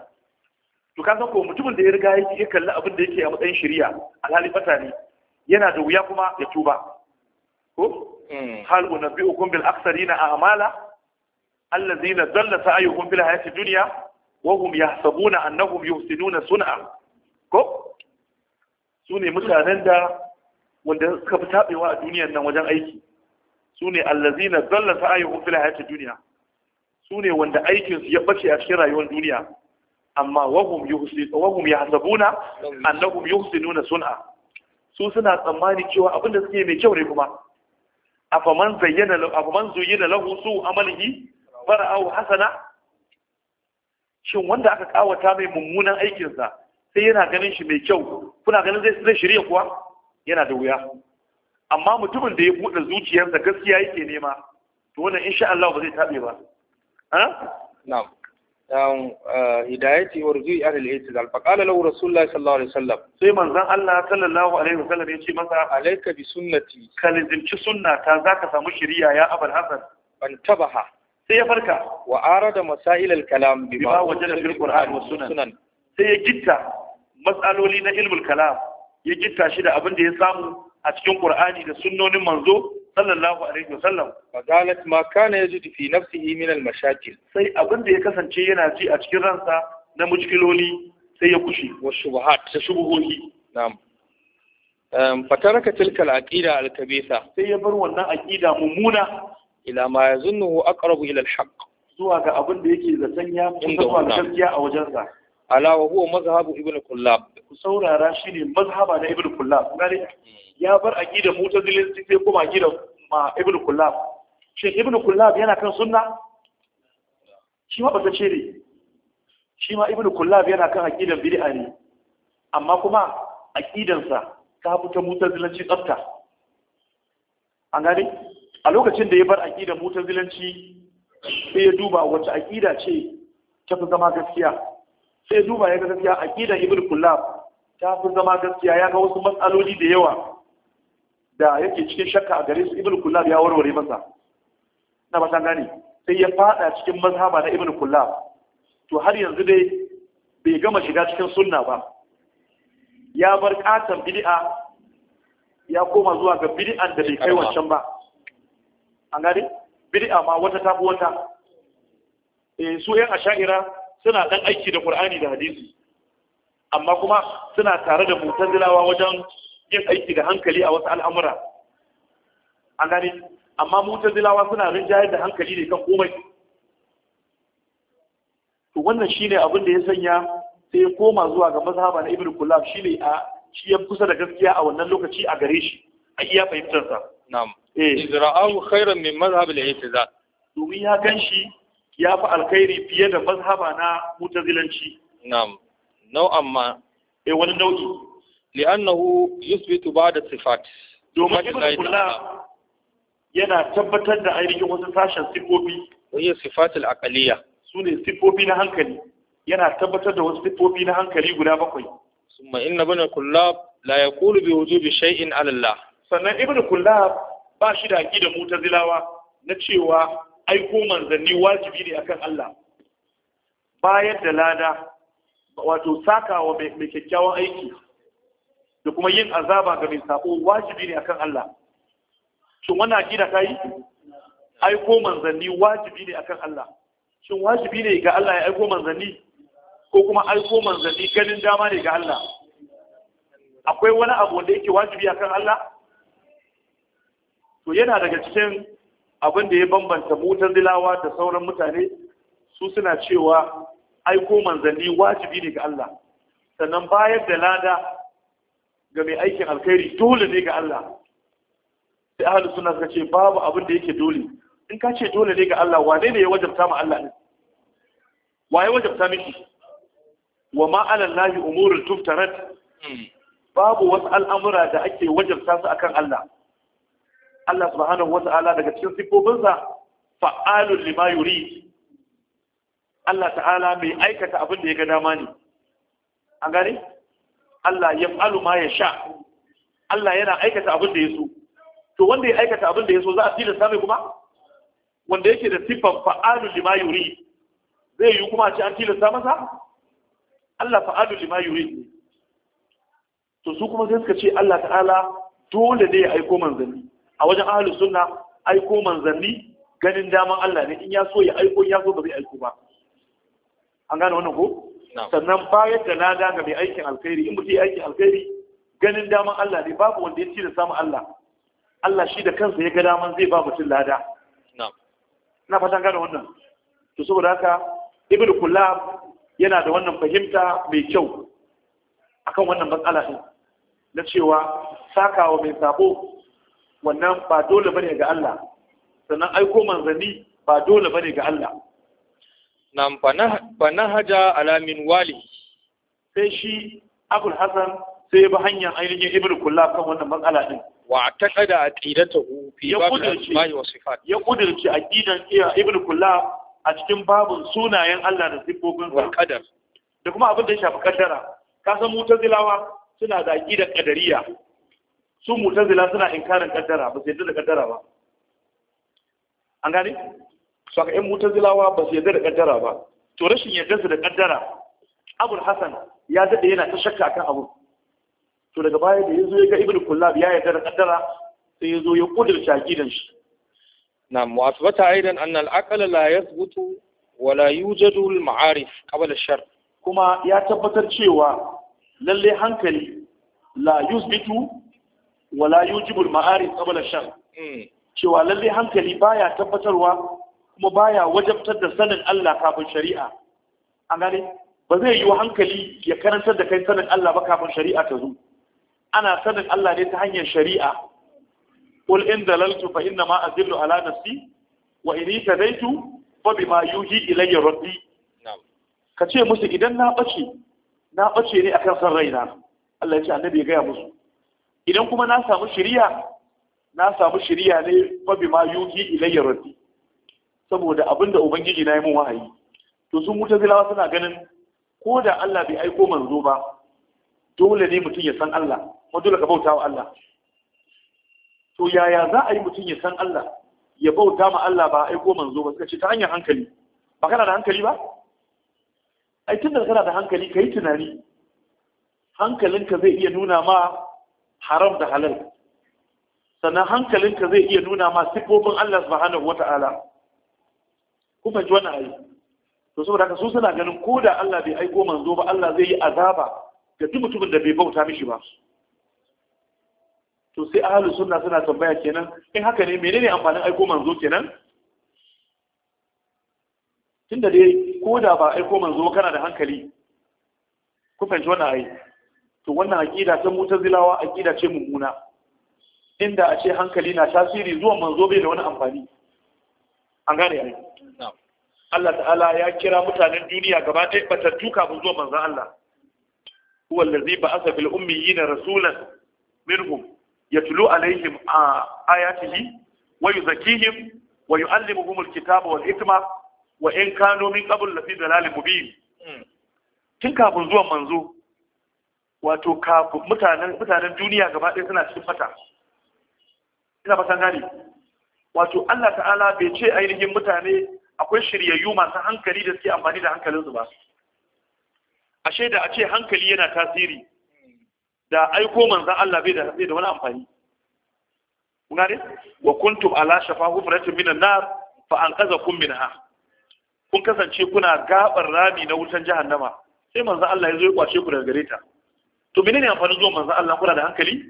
to ka san ko mutumin da ya riga ya ya kalli abin da yake a matsayin shari'a alhali bata ne yana da wuya kuma ya tuba ko hmm. hal unabbi'ukum bil aksarina a'mala allazina dalla sa'yuhum fil hayati dunya wahum yahsabuna annahum yuhsinuna sun'a ko su ne mutanen da wanda suka fi taɓewa a duniyar nan wajen aiki su ne allazina dalla sa'ayuhum fil hayati duniya. su ne wanda aikin su ya bace a cikin rayuwar duniya amma wahum yuhsin wahum yahsabuna annahum yuhsinuna sun'a su suna tsammani cewa abin da suke mai kyau ne kuma afaman zayyana afaman zuyyina lahu su amalihi fara'ahu hasana shin wanda aka kawata mai mummunan aikinsa sai yana ganin shi mai kyau kuna ganin zai shirya kuwa yana da wuya amma mutumin da ya buɗe zuciyarsa gaskiya yake nema to wannan insha Allah ba zai tabe ba na'am dan eh, hidayati wa rujui ahli al-i'tidal fa qala lahu rasulullah sallallahu alaihi wasallam sai manzon Allah sallallahu alaihi wasallam ya ce masa alayka bi sunnati ka lizimci sunnata zaka samu shiriya ya abul hasan ban tabaha sai ya farka wa arada da kalam bima wajada fil qur'an wa sunan sai ya gitta matsaloli na ilmul kalam ya gitta shi da abin da ya samu a cikin qur'ani da sunnonin manzo sallallahu alaihi wa sallam fa ma kana yajidu fi nafsihi min al-mashakil sai abin da ya kasance yana ji a cikin ransa na mushkiloli sai ya kushe wa shubuhat da shubuhohi na'am fataraka tilka al-aqida al-kabisa sai ya bar wannan aqida mummuna ila ma yazunnu aqrabu ila al-haqq zuwa ga abin da yake zaton ya fi zuwa gaskiya a wajensa ala wa huwa mazhabu ibn kullab ku saurara shine mazhaba na ibn kullab gare hmm. ya bar aqida mutazilinci sai kuma aqida ma ibn kullab shi ibn kullab yana kan sunna shi ma bata ce ne shi ma ibn kullab yana kan aqidan bid'a ne amma kuma aqidansa ta fita mutazilinci tsafta an gane a lokacin da ya bar aƙida mutazilanci sai ya duba wacce aƙida ce ta fi zama gaskiya sai ya duba ya ga gaskiya aƙidan ibn kullab ta fi zama gaskiya ya ga wasu matsaloli da yawa da yake cikin shakka a gare su ibn kullab ya warware masa na ba gane sai ya fada cikin mazhaba na ibn kullab to har yanzu dai bai gama shiga cikin sunna ba ya bar katon bid'a ya koma zuwa ga bid'an da bai kai wancan ba an gane bid'a ma wata tafi wata eh su yan asha'ira suna dan aiki da qur'ani da hadisi amma kuma suna tare da mutazilawa wajen yin aiki da hankali a wasu al'amura an gane amma mutazilawa suna rinjayar da hankali ne kan komai to wannan shine abin da ya sanya sai ya koma zuwa ga mazhaba na ibnu kullab shine a shi ya kusa da gaskiya a wannan lokaci a gare shi a iya fahimtarsa na'am eh izra'ahu khairan min mazhab al-i'tizal domin ya ganshi ya fi alkhairi fiye da mazhaba na mutazilanci na'am Nau amma. eh wani nau'i li'annahu yuthbitu ba'da sifat domin kula kullah yana tabbatar da ainihin wasu sashen sifofi wani sifatul aqaliyya sune sifofi na hankali yana tabbatar da wasu sifofi na hankali guda bakwai summa inna bana kullab la yaqulu bi wujubi shay'in ala Allah sannan Ibn kullab ba shi da aqida mutazilawa na cewa aiko manzanni wajibi ne akan Allah bayar da lada wato sakawa mai kyakkyawan aiki da kuma yin azaba ga mai sako wajibi ne akan Allah shin wannan aqida kai aiko manzanni wajibi ne akan Allah shin wajibi ne ga Allah ya aiko manzanni ko kuma aiko manzanni ganin dama ne ga Allah akwai wani abu wanda yake wajibi akan Allah to yana daga cikin abin da ya bambanta motar dilawa da sauran mutane su suna cewa aiko manzanni wajibi ne ga Allah sannan bayar da lada ga mai aikin alkhairi dole ne ga Allah sai ahlus sunna suka ce babu abin da yake dole in ka ce dole ne ga Allah wane ne ya wajabta ma Allah ne waye wajabta miki wa ma ala lahi umurul tuftarat hmm. babu wasu al'amura da ake wajabta su akan Allah Allah subhanahu ta'ala daga cikin sifofinsa fa'alun lima yuri Allah ta'ala mai aikata abin da ya ga dama ne an gane Allah ya fa'alu ma ya sha Allah yana aikata abin da ya so to wanda ya aikata abin da ya so za a tilasta mai kuma wanda yake da siffan fa'alun lima yuri zai yi kuma a ce an tilasta masa Allah fa'alun lima yuri to su kuma sai suka ce Allah ta'ala dole ne ya aiko manzanni a wajen ahalus suna aiko manzanni ganin daman Allah ne in ya so ya aiko ya so ba zai aiko ba an gane wannan ko sannan bayan da na ga mai aikin alkhairi in mutum ya aikin alkhairi ganin daman Allah ne babu wanda ya ci da samun Allah Allah shi da kansa ya ga daman zai ba mutum lada na fatan gane wannan to saboda haka ibnu kullab yana da wannan fahimta mai kyau akan wannan matsala ɗin na cewa sakawa mai sabo wannan ba dole bane ga Allah sannan aiko manzanni ba dole bane ga Allah nan fa haja ala min wali sai shi Abul Hasan sai ya bi hanyar ainihin Ibn Kula kan wannan matsala din wa ba aqidatahu fi ba asma'i wasu fadi. ya kudirci iya Ibn Kula a cikin babun sunayen Allah da sifofin sa kadar da kuma abin da ya shafi kaddara ka san mutazilawa suna da aqidar qadariyya su mutazila suna inkarin kaddara ba su yadda da kaddara ba an gane su aka yan mutazilawa ba su yadda da kaddara ba to rashin yadda su da kaddara abul hasan ya daɗe yana ta shakka akan abu to daga baya da ya zo ya ga ibn kullab ya yarda da kaddara sai ya zo ya kudurta gidan shi Na wa aidan anna al la yathbutu wa la yujadu al-ma'arif qabla shar kuma ya tabbatar cewa lalle hankali la yuzbitu wala yujibul ma'arif qabla shar hmm. cewa lalle hankali baya tabbatarwa kuma baya wajabtar da sanin Allah kafin shari'a an gane ba zai yi hankali ya karantar da kai sanin Allah ba kafin shari'a ta zo ana sanin Allah ne ta hanyar shari'a qul in dalaltu fa inna ma azillu ala nafsi wa in tadaitu fa bima yuhi ilayya rabbi ka ce musu idan na bace na bace ne akan san raina Allah ya ce annabi ya gaya musu idan kuma na samu shiriya na samu shiriya ne fa bima yuhi ilayya rabbi saboda abinda ubangiji na yi min wahayi to sun mutazilawa suna ganin ko da Allah bai aiko manzo ba dole ne mutum ya san Allah kuma dole ka bauta wa Allah to yaya za a yi mutum ya san Allah ya bauta ma Allah ba aiko manzo ba suka ce ta hanyar hankali ba kana da hankali ba ai tunda kana da hankali kai tunani hankalinka zai iya nuna ma haram da halal sannan hankalinka zai iya nuna ma sifofin Allah subhanahu wata'ala kuma ji wani ayi to saboda haka su suna ganin ko da Allah bai aiko manzo ba Allah zai yi azaba ga duk mutumin da bai bauta mishi ba to sai ahlus sunna suna tambaya kenan in haka ne menene amfanin aiko manzo kenan tunda dai ko da ba aiko manzo kana da hankali ku fahimci wannan ayi to wannan aƙida ta mutazilawa aƙida ce mummuna inda a ce hankali na tasiri zuwa manzo bai da wani amfani an gane yayi Allah ta'ala ya kira mutanen duniya gaba ɗaya batattu kafin zuwa manzon Allah huwa allazi ba'atha bil ummiyina rasulan minhum yatlu alaihim ayatihi wa yuzakkihim wa yu'allimuhum al-kitaba wal hikma wa in kanu min qabl lafi dalalin mubin hmm. tun kafin zuwan manzo wato kafin mutanen mutanen duniya gaba ɗaya suna cikin fata ina fatan gane wato Allah ta'ala bai ce ainihin mutane akwai shiryayyu masu hankali da suke amfani da hankalin su ba ashe da a ce hankali yana tasiri da aiko manzan Allah bai da bai da wani amfani kun gane wa kuntum ala shafa hufratin minan nar fa anqazakum minha kun kasance kuna gabar rami na wutan jahannama sai manzo Allah ya zo ya kwace ku daga gare ta to ne amfanin zuwa manzon Allah kuna da hankali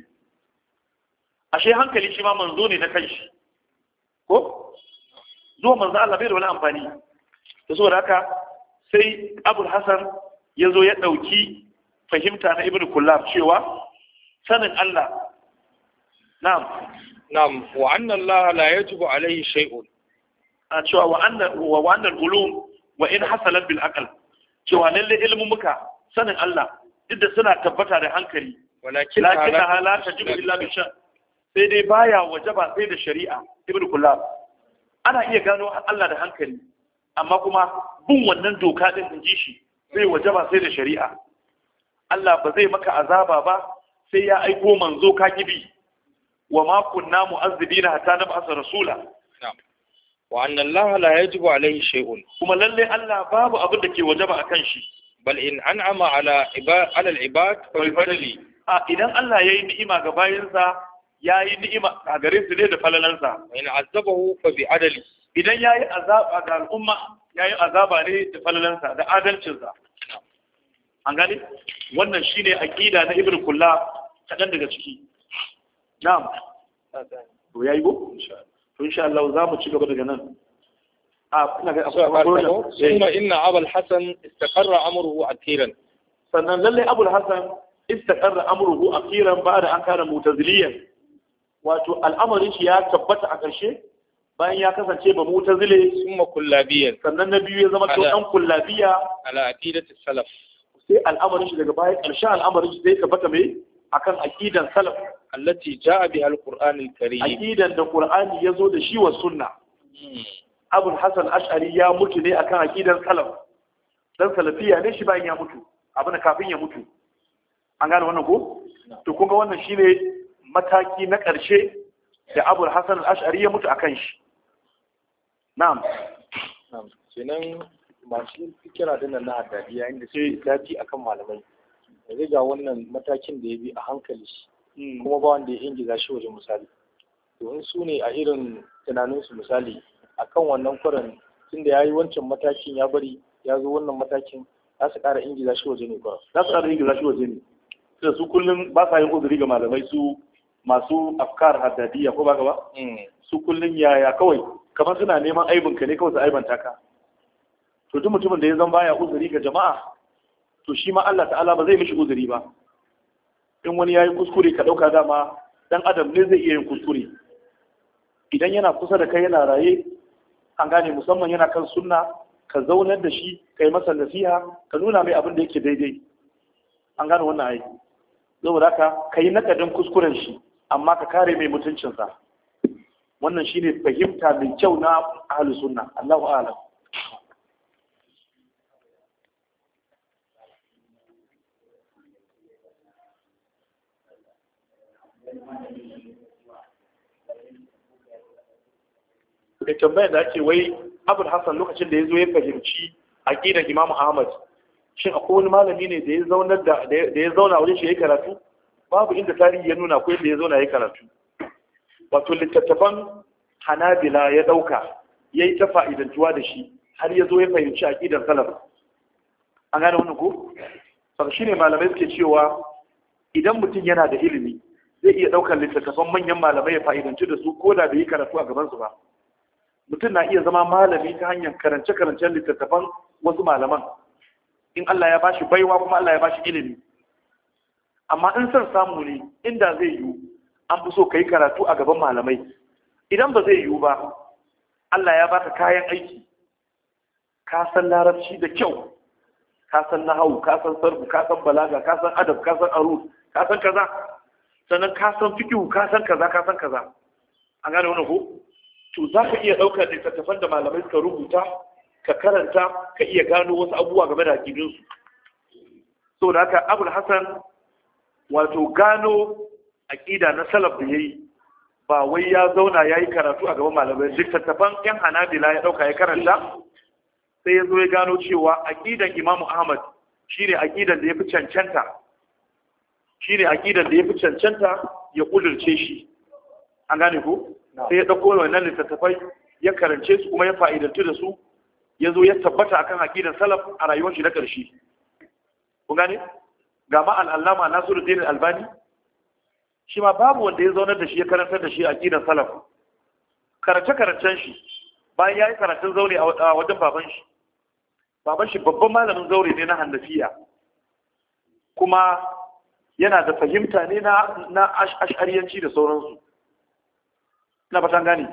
ashe hankali shi ma manzo ne na kai? ko zuwa manzon Allah bai da wani amfani to saboda haka sai Abul Hasan ya zo ya dauki fahimta na Ibn Kullab cewa sanin Allah na'am na'am wa anna Allah la yajibu alayhi shay'un a cewa wa anna wa anna al-ulum wa in hasalat bil aql cewa lalle ilmu muka sanin Allah duk da suna tabbata da hankali walakin la jibu illa bi shan sai dai baya wajaba sai da shari'a ibn kullab ana iya gano Allah da hankali amma kuma bin wannan doka din in ji shi sai wajaba sai da shari'a Allah ba zai maka azaba ba sai ya aiko manzo ka gibi wa ma kunna mu'azzibina hatta nab'asa rasula wa anna Allah la yajibu alaihi shay'un kuma lalle Allah babu abin da ke wajaba akan shi bal in an ala ala al-ibad fadli a idan Allah ya yi ni'ima ga bayinsa yayi ni'ima a gare su ne da falalansa in azabahu fa bi adali idan ya yi azaba ga al'umma yi azaba ne da falalansa da adalcinsa an gani! wannan shi shine aqida na ibnu kulla kaɗan daga ciki na'am to yayi go insha Allah za mu ci gaba daga nan Ah, kuma eh. inna abul hasan istaqarra amruhu akhiran sannan lalle abul hasan istaqarra amruhu akhiran da an kana mutaziliyan wato al'amarin shi ya tabbata a ƙarshe bayan ya kasance ba mutazile summa kullabiyan sannan na biyu ya zama to dan kullabiya ala aqidati salaf sai al'amarin shi daga baya ƙarshen al'amarin shi zai tabbata mai akan aqidan salaf allati ja'a bi al-qur'an al-karim aqidan da qur'ani yazo da shi wa sunna hmm. abul hassan ash'ari ya mutu ne akan akidan salaf dan salafiya ne shi bayan ya mutu abin kafin ya mutu an gane wannan ko to kun ga wannan shine mataki na ƙarshe da abul hassan ash'ari ya mutu akan shi na'am na'am kenan masu fikira nan na addadiya inda sai dafi akan malamai yanzu ga wannan matakin da ya bi a hankali hmm. kuma ba wanda ya ingiza shi wajen misali to in su ne a irin tunaninsu misali akan wannan tun da ya yi wancan matakin ya bari ya zo wannan matakin za su ƙara ingiza shi waje ne kuren za su ƙara ingiza shi waje ne tunda su kullum ba sa yin uzuri ga malamai su masu afkar haddadiya ko ba ka ba mm. su kullum yaya kawai kamar suna neman aibin ka ne kawai su aibanta ka to duk mutumin da ya zan baya uzuri ga jama'a to shi ma Allah ta'ala ba zai mishi uzuri ba in wani ya yi kuskure ka ɗauka dama dan adam ne zai iya yin kuskure idan yana kusa da kai yana raye an gane musamman yana kan sunna ka zaunar da shi ka yi masa nasiha ka nuna mai abin da yake daidai an gane wannan aiki saboda haka ka yi nakadin kuskuren shi amma ka kare mai mutuncinsa wannan shine fahimta mai kyau na ahli sunna Allahu a'lam Thank da tambayar da ake wai abul hassan lokacin da ya zo ya fahimci aƙidar imamu ahmad shin akwai wani malami ne da ya zauna da ya wajen shi ya karatu babu inda tarihi ya nuna ko da ya zauna ya karatu wato littattafan hanabila ya ɗauka ya yi ta fa'idantuwa da shi har ya zo ya fahimci aƙidar salaf an gane wani ko sau shi ne malamai suke cewa idan mutum yana da ilimi zai iya ɗaukar littattafan manyan malamai ya fa'idantu da su ko da bai yi karatu a gabansu ba mutum na iya zama malami ta hanyar karance-karancen littattafan wasu malaman in Allah ya bashi baiwa kuma Allah ya bashi ilimi amma in san samu ne inda zai yiwu an fi so ka yi karatu a gaban malamai idan ba zai yiwu ba Allah ya baka kayan aiki ka san larabci da kyau ka san nahawu ka san sarfu ka san balaga ka san adab ka san arus ka san kaza sannan ka san fikihu ka san kaza ka san kaza an gane wannan ko to za ka iya ɗaukar littattafan da malamai suka rubuta ka karanta ka iya gano wasu abubuwa game da aƙidinsu so da haka abul hassan wato gano aƙida na salaf da ya yi ba wai ya zauna ya yi karatu a gaban malamai littattafan yan hanabila ya ɗauka ya karanta sai ya zo ya gano cewa aƙidan imamu ahmad shine aƙidan da ya fi cancanta shine aƙidan da ya fi cancanta ya ƙudurce shi an gane ko sai ya ɗauko wannan littattafai ya karance su kuma ya fa'idantu da su ya zo ya tabbata akan aƙidar salaf a rayuwar shi na ƙarshe kun gane ga ma al'allama nasiruddin albani shi ma babu wanda ya zaunar da shi ya karantar da shi aƙidar salaf karance-karancen shi bayan ya yi karatun zaure a wajen baban shi baban shi babban malamin zaure ne na hannafiya kuma yana da fahimta ne na ash'ariyanci da sauransu ina fatan gani.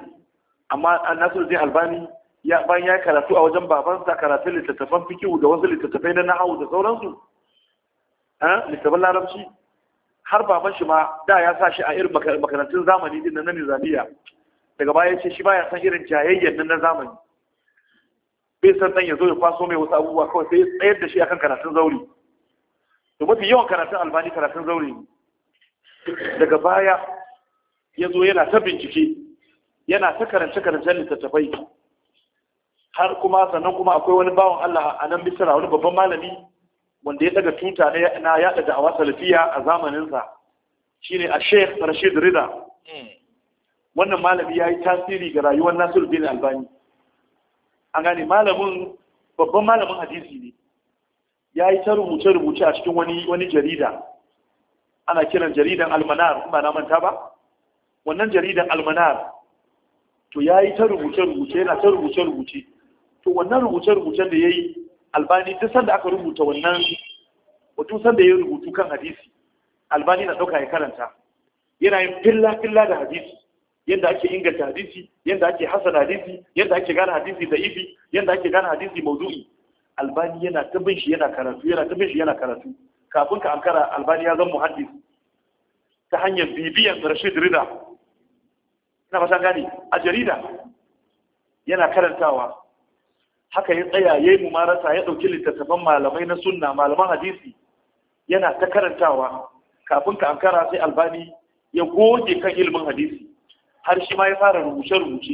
amma Nasiru zai albani ya bayan ya karatu a wajen babansa karatun littattafan fikihu da wasu littattafai na nahawu da sauransu ha eh, littattafan larabci har baban shi ma da ya sa shi a irin makarantun zamani din na Nizamiya daga baya ce shi baya san irin jayayyen nan na zamani bai san dan ya zo ya kwaso mai wasu abubuwa kawai sai tsayar da shi akan karatun zauri to mafi yawan karatun albani karatun zauri ne daga baya ya zo yana ta bincike yana ta karance karancen littattafai har kuma sannan kuma akwai wani bawan Allah a nan Misra wani babban malami wanda ya daga tuta na ya daga awa salafiya a zamaninsa shine a Sheikh Rashid Rida hmm. wannan malami ya yi tasiri ga rayuwar Nasiru bin Albani an gane malamin babban malamin hadisi ne ya yi ta rubuce-rubuce a cikin wani jarida ana kiran jaridan almanar ba na manta ba wannan jaridan almanar to ya yi ta rubuce-rubuce yana ta rubuce-rubuce to wannan rubuce-rubucen da ya yi albani duk sanda aka rubuta wannan wato sanda ya rubutu kan hadisi albani na ɗauka ya karanta yana yin filla-filla da hadisi yadda ake inganta hadisi yadda ake hasana hadisi yadda ake gane hadisi da ifi yadda ake gane hadisi maudu'i albani yana ta bin shi yana karatu yana ta bin shi yana karatu kafin ka ankara albani ya zama muhaddis ta hanyar bibiyan rashid rida na fatan gani. a jarida yana karantawa haka ya tsaya ya yi mumarasa ya ɗauki littattafan malamai na sunna malaman hadisi yana ta karantawa kafin ka ankara sai albani ya goge kan ilimin hadisi har shi ma ya fara rubuce-rubuce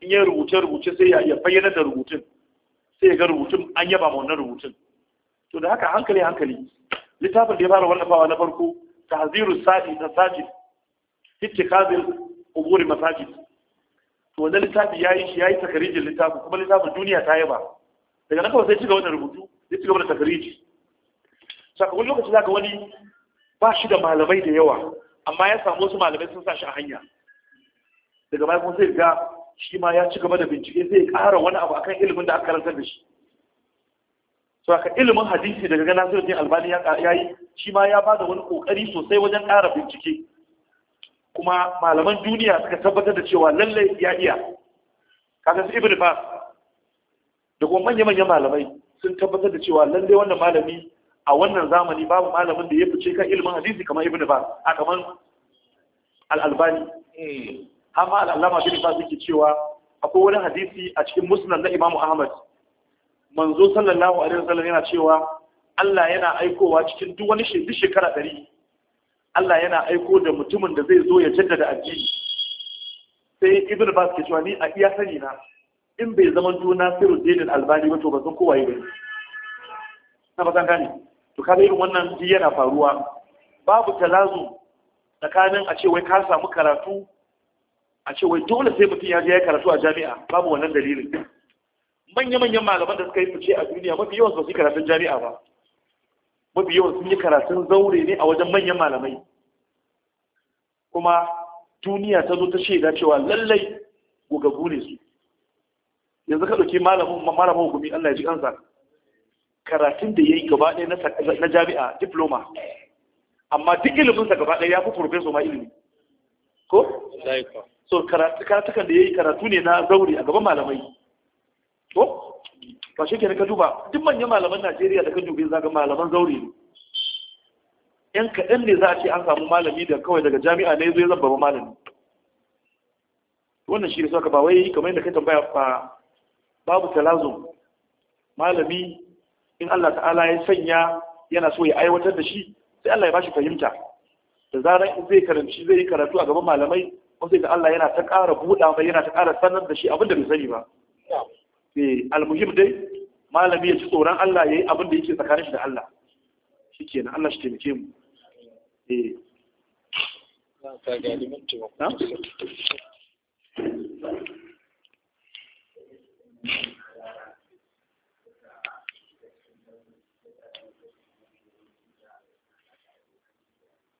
in ya rubuce-rubuce sai ya bayyana da rubutun sai ya ga rubutun an yaba ma wannan rubutun to da haka hankali hankali littafin da ya fara wallafawa na farko tahziru sa'i da sajid ittikazil umuri masajid to wannan littafi ya yi shi ya yi takarijin littafi, kuma littafin duniya ta yaba daga nan kawai sai cigaba da rubutu ya cigaba da takariji saka wani lokaci zaka wani ba shi da malamai da yawa amma ya samu wasu malamai sun sa shi a hanya daga baya kuma sai ga shi ma ya cigaba da bincike zai ƙara wani abu akan ilimin da aka karantar da shi to ilimin hadisi daga ga Nasiruddin Albani ya yi shi ma ya bada wani kokari sosai wajen ƙara bincike kuma malaman duniya suka tabbatar da cewa lalle ya iya kaga su ibn bas da kuma manya-manyan malamai sun tabbatar da cewa lalle wannan malami a wannan zamani babu malamin da ya fice kan ilimin hadisi kamar ibn bas a kaman al-albani amma al-allama bin bas yake cewa akwai wani hadisi a cikin musnad na imamu ahmad manzo sallallahu alaihi wasallam yana cewa Allah yana aikowa cikin duk wani shekara ɗari Allah yana aiko da mutumin da zai zo ya jaddada addini sai ibn bas ke cewa ni a iya sani na in bai zaman juna siruddin albani ba to ba san kowa yi bane na ba san gane to kaga irin wannan ji yana faruwa babu talazu tsakanin a ce wai ka samu karatu a ce wai dole sai mutum ya je ya karatu a jami'a babu wannan dalilin manya-manyan malaman da suka yi fice a duniya mafi yawan su karatun jami'a ba mafi yawan sun yi karatun zaure ne a wajen manyan malamai kuma duniya ta zo ta shaida cewa lallai gugagu ne su yanzu ka ɗauki malamin malamin hukumi Allah ya ji kansa karatun da ya yi gaba ɗaya na jami'a diploma amma duk iliminsa gaba ɗaya ya fi professor ma ilimi ko? so karatukan da ya yi karatu ne na zaure a gaban malamai to ba shi kenan ka duba duk manyan malaman Najeriya da ka dubi za malaman zaure ne yan kaɗan ne za a ce an samu malami da kawai daga jami'a ne zai zan baba malami wannan shi ne saka ba wai kamar yadda kai tambaya ba babu talazum malami in Allah ta'ala ya sanya yana so ya aiwatar da shi sai Allah ya bashi fahimta da zarar zai karanci zai yi karatu a gaban malamai ko sai da Allah yana ta ƙara buɗa mai yana ta ƙara sanar da shi abin da bai sani ba Eh, almuhim dai malami ya ci tsoron Allah ya yi abin da yake tsakanin shi da Allah shi ke na Allah shi taimake mu eh.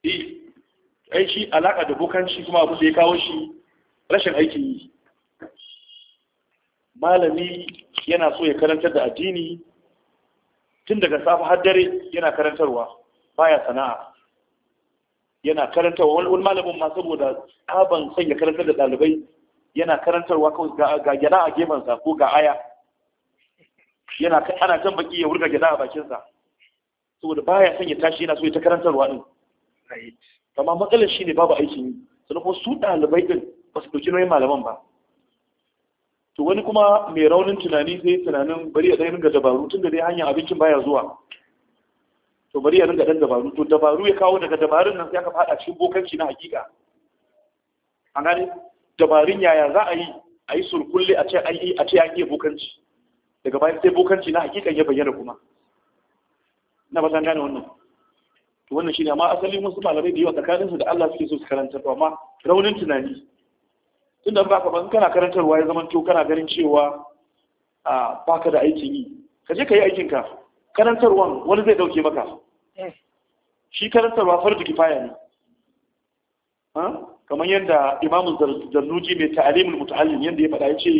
Eh. Ai alaƙa da bokanci kuma abin da ya kawo shi rashin aikin yi. malami yana so ya karantar da addini tun daga safe har dare yana karantarwa baya sana'a yana karantarwa wani malamin ma saboda tsaban son ya karantar da ɗalibai yana karantarwa kawai ga gyada a gefensa ko ga aya yana ana kan baki ya wurga gyada a bakinsa saboda baya son ya tashi yana so ya ta karantarwa din amma matsalar shine babu aikin yi sannan kuma su ɗalibai din ba su ɗauki nauyin malaman ba to wani kuma mai raunin tunani sai tunanin bari ya ɗan ringa dabaru tun da dai hanyar abincin baya zuwa to bari ya ringa dan dabaru to dabaru ya kawo daga dabarun nan sai aka faɗa cikin bokanci na hakika a gane dabarun yaya za a yi a yi surkulle a ce an yi a ce an yi bokanci daga bayan sai bokanci na hakika ya bayyana kuma na ba san gane wannan to wannan shine amma asali wasu malamai da yawa tsakaninsu da Allah suke so su karanta to amma raunin tunani tunda ba ka ban kana karantarwa ya zama to kana ganin cewa a baka da aikin yi ka je ka yi aikin ka karantarwan wani zai dauke maka eh. shi karantarwa fardu kifaya ne kamar yadda imamu zarnuji mai ta'alimul muta'allim yadda ya faɗa ya ce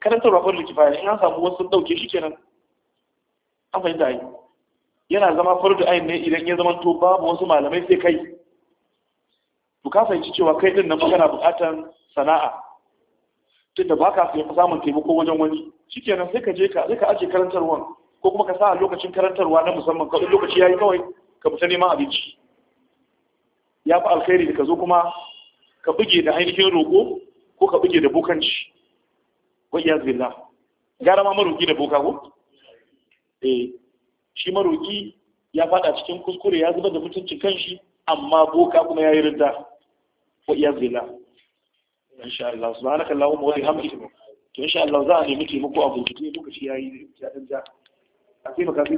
karantarwa fardu kifaya in an samu wasu dauke shi kenan an fahimta ai yana zama fardu ayin ne idan ya zama to babu wasu malamai sai kai to ka fahimci cewa kai din nan kana buƙatar sana'a tunda ba ka samun taimako wajen wani shikenan sai ka je ka sai ka ajiye karantarwan ko kuma ka sa lokacin karantarwa na musamman kawai lokaci yayi kawai ka fita neman abinci ya fi alkhairi da ka zo kuma ka buge da ainihin roƙo ko ka buge da bokanci wa ya billah gara ma maroƙi da boka ko eh shi maroƙi ya fada cikin kuskure ya zubar da mutuncin kanshi amma boka kuma ya yi ridda wa ya billah insha Allah subhanaka allahumma wa bihamdika to insha Allah za a nemi taimako a bincike lokaci yayi ya dan ja a taimaka